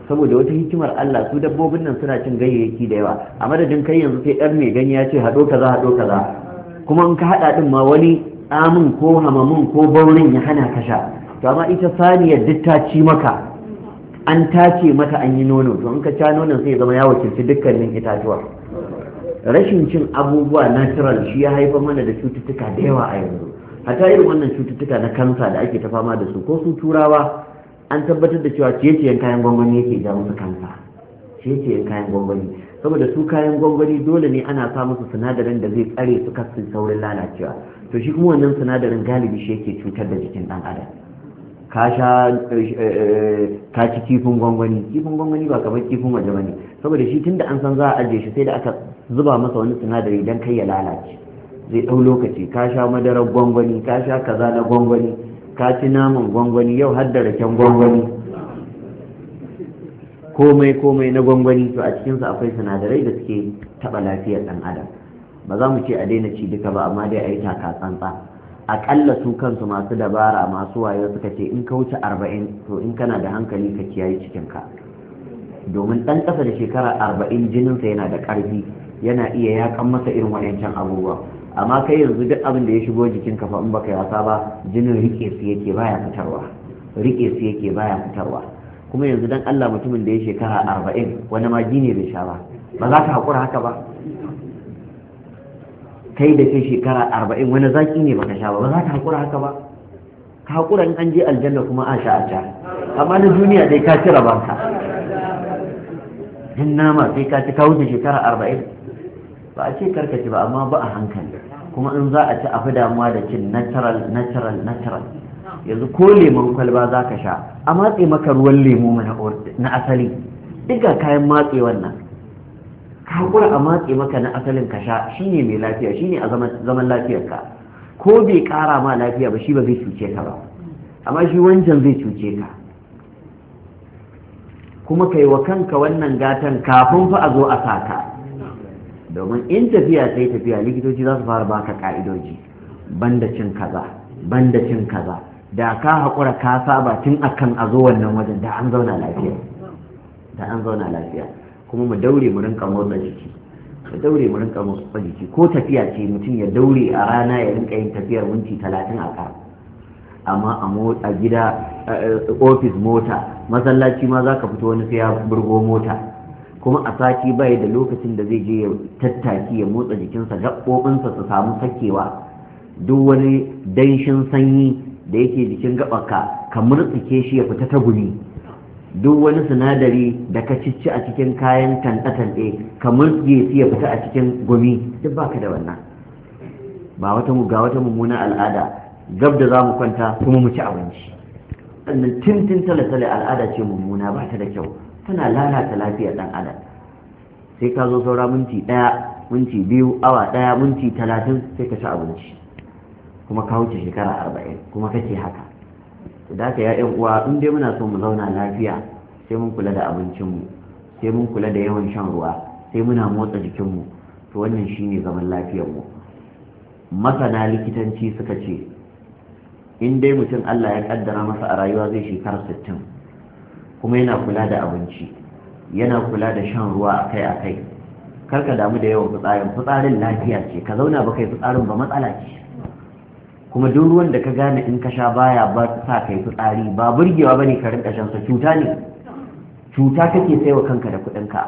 saboda wata hikimar Allah su dabbobin nan suna cin ganyayyaki da yawa a madadin kai yanzu sai ɗan mai gani ya ce haɗo kaza haɗo kaza kuma in ka haɗa din ma wani tsamin ko hamamun, ko baurin ya hana ka sha to amma ita saniyar duk ci maka an tace mata an yi nono to in ka ca nonon sai ya zama ya wakilci dukkanin itatuwa rashin cin abubuwa natural shi ya haifar mana da cututtuka da yawa a yanzu hata irin wannan cututtuka na kansa da ake ta fama da su ko su turawa an tabbatar da cewa ciye-ciyen kayan gwangwani yake ja musu kansa ciye-ciyen kayan gwangwani saboda su kayan gwangwani dole ne ana sa musu sinadarin da zai tsare su kasu saurin lalacewa to shi kuma wannan sinadarin galibi shi yake cutar da jikin dan adam ka sha eh, eh, ka ci kifin gwangwani kifin gwangwani ba kamar kifin waje bane saboda shi tunda an san za a ajiye shi sai da aka zuba masa wani sinadari don kai ya lalace zai ɗau lokaci ka sha madarar gwangwani ka sha kaza na gwangwani ka ci naman gwangwani yau har da raken gwangwani komai komai na gwangwani to a cikinsa akwai sinadarai da suke taɓa lafiyar ɗan adam ba za mu ce a daina ci duka ba amma dai a yi taka tsantsa aƙalla su kansu masu dabara masu wayo suka ce in ka wuce arba'in to in kana da hankali ka kiyaye cikinka domin ɗan ƙasa da shekara arba'in jininsa yana da ƙarfi yana iya yakan masa irin wayancan abubuwa amma kai yanzu duk abin da ya shigo jikin fa in baka wasa ba jinin rike su yake baya fitarwa rike su yake baya fitarwa kuma yanzu dan Allah mutumin da ya shekara arba'in wani ma jini bai sha ba ba za ka haƙura haka ba kai da kai shekara arba'in wani zaki ne baka sha ba ba za ka haƙura haka ba ka haƙura in an je aljanna kuma a sha a sha amma na duniya dai ka ci banka. in nama sai ka ci ka wuce shekara arba'in ba a ce karkace ba amma ba a hankali kuma in za a ci a fi damuwa da cin natural natural natural yanzu ko lemon kwalba za ka sha a matse maka ruwan lemo na asali duk ga kayan matse wannan kakura a matse maka na asalin ka sha shine mai lafiya shine a zaman lafiyarka ko bai kara ma lafiya ba shi ba zai cuce ka ba amma shi wancan zai cuce ka kuma kai wa kanka wannan gatan kafin fa a zo a sa ka. domin in tafiya sai tafiya likitoci za su fara baka ka'idoji banda cin kaza banda cin kaza da ka haƙura ka saba tun akan a zo wannan wajen da an zauna lafiya da an zauna lafiya kuma mu daure mu rinka motsa jiki mu daure mu rinka motsa jiki ko tafiya ce mutum ya daure a rana ya rinka yin tafiyar minti talatin a kan amma a gida ofis mota masallaci ma za ka fito wani sai ya burgo mota kuma a sati bai da lokacin da zai je ya tattaki ya motsa jikinsa gaɓoɓinsa su samu sakewa duk wani danshin sanyi da yake jikin gaɓaka ka murtsike shi ya fita ta gumi duk wani sinadari da ka cicci a cikin kayan tanɗe-tanɗe ka murtsike shi ya fita a cikin gumi duk baka da wannan ba wata ga wata mummunan al'ada gab da za mu kwanta kuma mu ci abinci sannan tintin tale-tale al'ada ce mummuna ba ta da kyau tana lalata lafiyar dan adam sai ka zo saura minti ɗaya minti biyu awa ɗaya minti talatin sai ka ci abinci kuma ka wuce shekara arba'in kuma kake haka da ka ya'yan uwa in dai muna so mu zauna lafiya sai mun kula da abincinmu sai mun kula da yawan shan ruwa sai muna motsa jikinmu to wannan shine zaman lafiyarmu masana likitanci suka ce in dai mutum Allah ya kaddara masa a rayuwa zai shekara sittin kuma yana kula da abinci yana kula da shan ruwa akai akai kar ka damu da yawan fitsarin fitsarin lafiya ce ka zauna ba kai fitsarin ba matsala ce kuma duk ruwan da ka gane in ka sha baya ba sa kai fitsari ba burgewa bane ka rinka shan sa cuta ne cuta kake saiwa kanka da kuɗin ka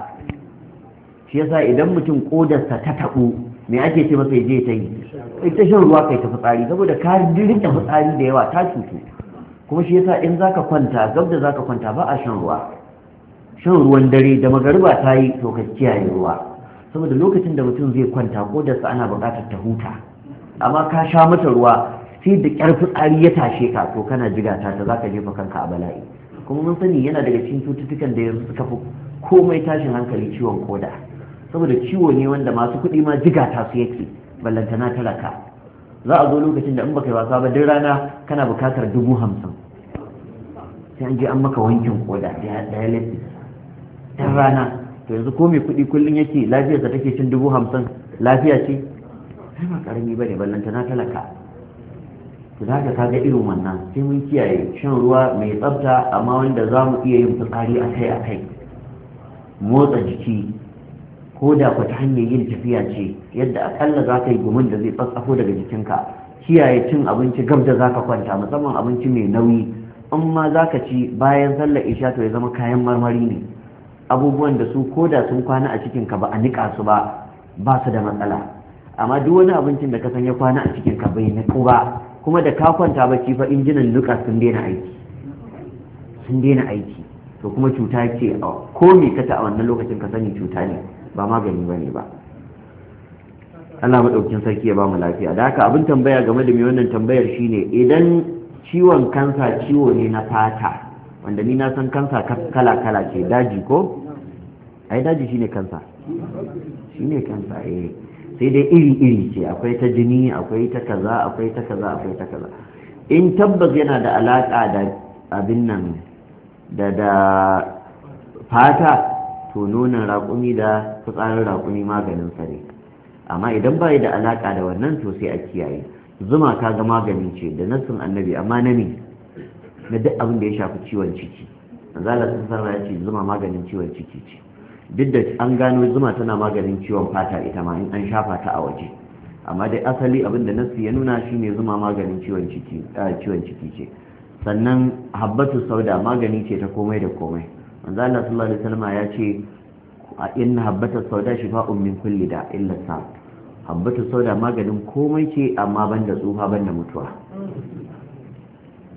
shi yasa idan mutum kodarsa ta taɓo me ake ce masa je ta yi ita shan ruwa kai ta fitsari saboda ka rinka fitsari da yawa ta cutu kuma shi yasa in zaka kwanta gab da zaka kwanta ba a shan ruwa shan ruwan dare da magariba ta yi to ka kiyaye ruwa saboda lokacin da mutum zai kwanta ko da sa ana buƙatar ta huta amma ka sha mata ruwa sai da ƙarfi tsari ya tashe ka to kana jiga ta ta zaka jefa kanka a bala'i kuma mun sani yana daga cikin cututtukan da yanzu suka fi komai tashin hankali ciwon koda saboda ciwo ne wanda masu kuɗi ma jiga ta su yake ballantana talaka za a zo lokacin da in baka yi wasa ba duk rana kana bukatar dubu hamsin sai an je an maka wankin koda dialysis ɗan rana to yanzu ko mai kuɗi kullum yake lafiyar da take cin dubu hamsin lafiya ce sai ba ƙarami ba ne ballanta na talaka to za ka kaga irin wannan sai mun kiyaye shan ruwa mai tsafta amma wanda za mu iya yin fitsari akai akai motsa jiki ko da ku hanyar yin tafiya ce yadda akalla za ka yi gumin da zai tsatsafo daga jikinka kiyaye cin abinci gab da zaka kwanta musamman abinci mai nauyi in ma zaka ci bayan sallar isha to ya zama kayan marmari ne abubuwan da su ko da sun kwana a cikin ka ba a nika su ba ba su da matsala amma duk wani abincin da ka san ya kwana a cikin ka bai niku ba kuma da ka kwanta bacci fa injinan duka sun daina aiki sun daina aiki to kuma cuta ce ko me kata a wannan lokacin ka sani cuta ne ba magani bane ba Allah maɗaukin sarki ya ba mu lafiya da haka abin tambaya game da mai wannan tambayar shine idan ciwon kansa ciwo ne na fata wanda ni na san kansa kala kala ce daji ko ai daji shine kansa shine kansa eh sai dai iri iri ce akwai ta jini akwai ta kaza akwai ta kaza akwai ta kaza in tabbas yana da alaka da abin nan da da fata to nonon raƙumi da fitsarin raƙumi maganin sare amma idan ba da alaka da wannan to sai a kiyaye zuma ka ga magani ce da nassin annabi amma na ne na duk abin da ya shafi ciwon ciki zala sun sarra ya ce zuma maganin ciwon ciki ce duk da an gano zuma tana maganin ciwon fata ita ma in an shafa ta a waje amma dai asali abin da nassi ya nuna shine zuma maganin ciwon ciki ciki ce sannan habbatu sauda magani ce ta komai da komai manzo Allah sallallahu alaihi wasallam ya ce inna habbatu sauda shifa'un min kulli da illa habbatu sauda maganin komai ce amma banda tsufa banda mutuwa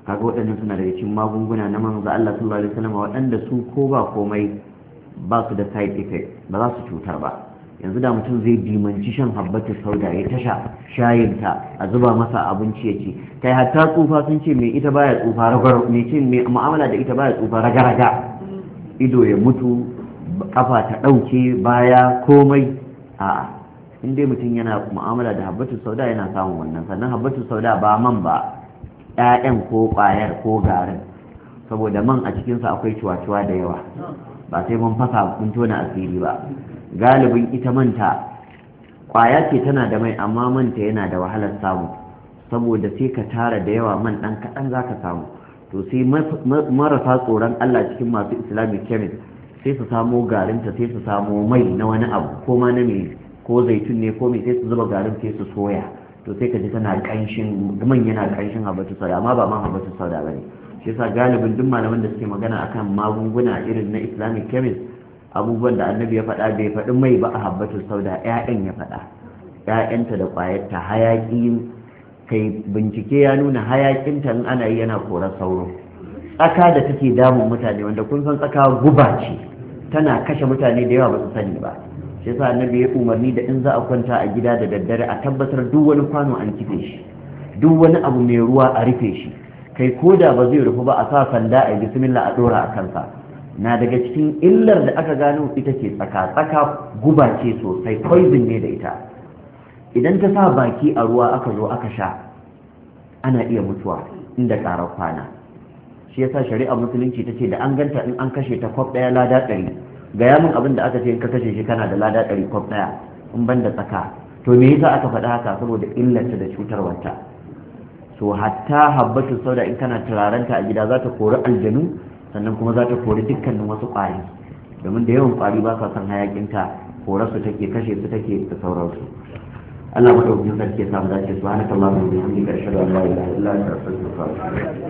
kaga waɗannan suna daga cikin magunguna na manzo Allah sallallahu alaihi wasallam waɗanda su ko ba komai ba su da side effect ba za su cutar ba yanzu da mutum zai dimanci shan habbatu sauda ya tasha ta a zuba masa abinci ya ce kai hatta tsufa sun ce mai ita baya tsufa ragar ne cin mai mu'amala da ita baya tsufa raga raga ido ya mutu kafa ta ɗauke baya komai a'a in dai mutum yana mu'amala da habbatu sauda yana samun wannan sannan habbatu sauda ba man ba ƴaƴan ko ƙwayar ko garin saboda man a cikinsa akwai cuwa-cuwa da yawa ba sai mun fasa mun tona asiri ba galibin ita manta ƙwaya ce tana da mai amma manta yana da wahalar samu saboda sai ka tara da yawa man ɗan kaɗan za ka samu to sai marasa tsoron allah cikin masu islamic chemist sai su samo garinta sai su samo mai na wani abu ko ma na mai ko zaitun ne ko mai sai su zuba garin sai su soya to sai ka ji tana kanshin man yana kanshin habatu sauda amma ba ma habatu sauda ba ne shi yasa galibin duk malaman da suke magana akan magunguna irin na islamic chemist abubuwan da annabi ya faɗa bai faɗi mai ba a habatu sauda ƴaƴan ya faɗa ƴaƴanta da ƙwayarta hayaƙi kai bincike ya nuna hayaƙinta in ana yi yana korar sauro tsaka da take damun mutane wanda kun san tsaka guba ce tana kashe mutane da yawa ba su sani ba shi yasa annabi ya umarni da in za a kwanta a gida da daddare a tabbatar duk wani kwano an kife shi duk wani abu mai ruwa a rufe shi kai ko da ba zai rufu ba a sa sanda a yi bismillah a dora a kansa na daga cikin illar da aka gano ita ce tsaka tsaka guba ce sosai poison ne da ita idan ta sa baki a ruwa aka zo aka sha ana iya mutuwa inda karar kwana shi yasa shari'a musulunci ta ce da an ganta in an kashe ta kwaf ɗaya lada ɗari gaya min abin da aka ce in ka kashe shi kana da lada ɗari kwaf ɗaya in ban da tsaka to me yasa aka faɗa haka saboda illarta da cutarwarta to hatta habbatu sauda in kana turarenta a gida za ta kori aljanu sannan kuma za ta kori dukkanin wasu ƙwari domin da yawan ƙwari ba sa son hayakinta korar su take kashe su take da sauransu Allah madaukakin sarki ya samu dace subhanakallahumma wa bihamdika ashhadu an la ilaha illa anta astaghfiruka wa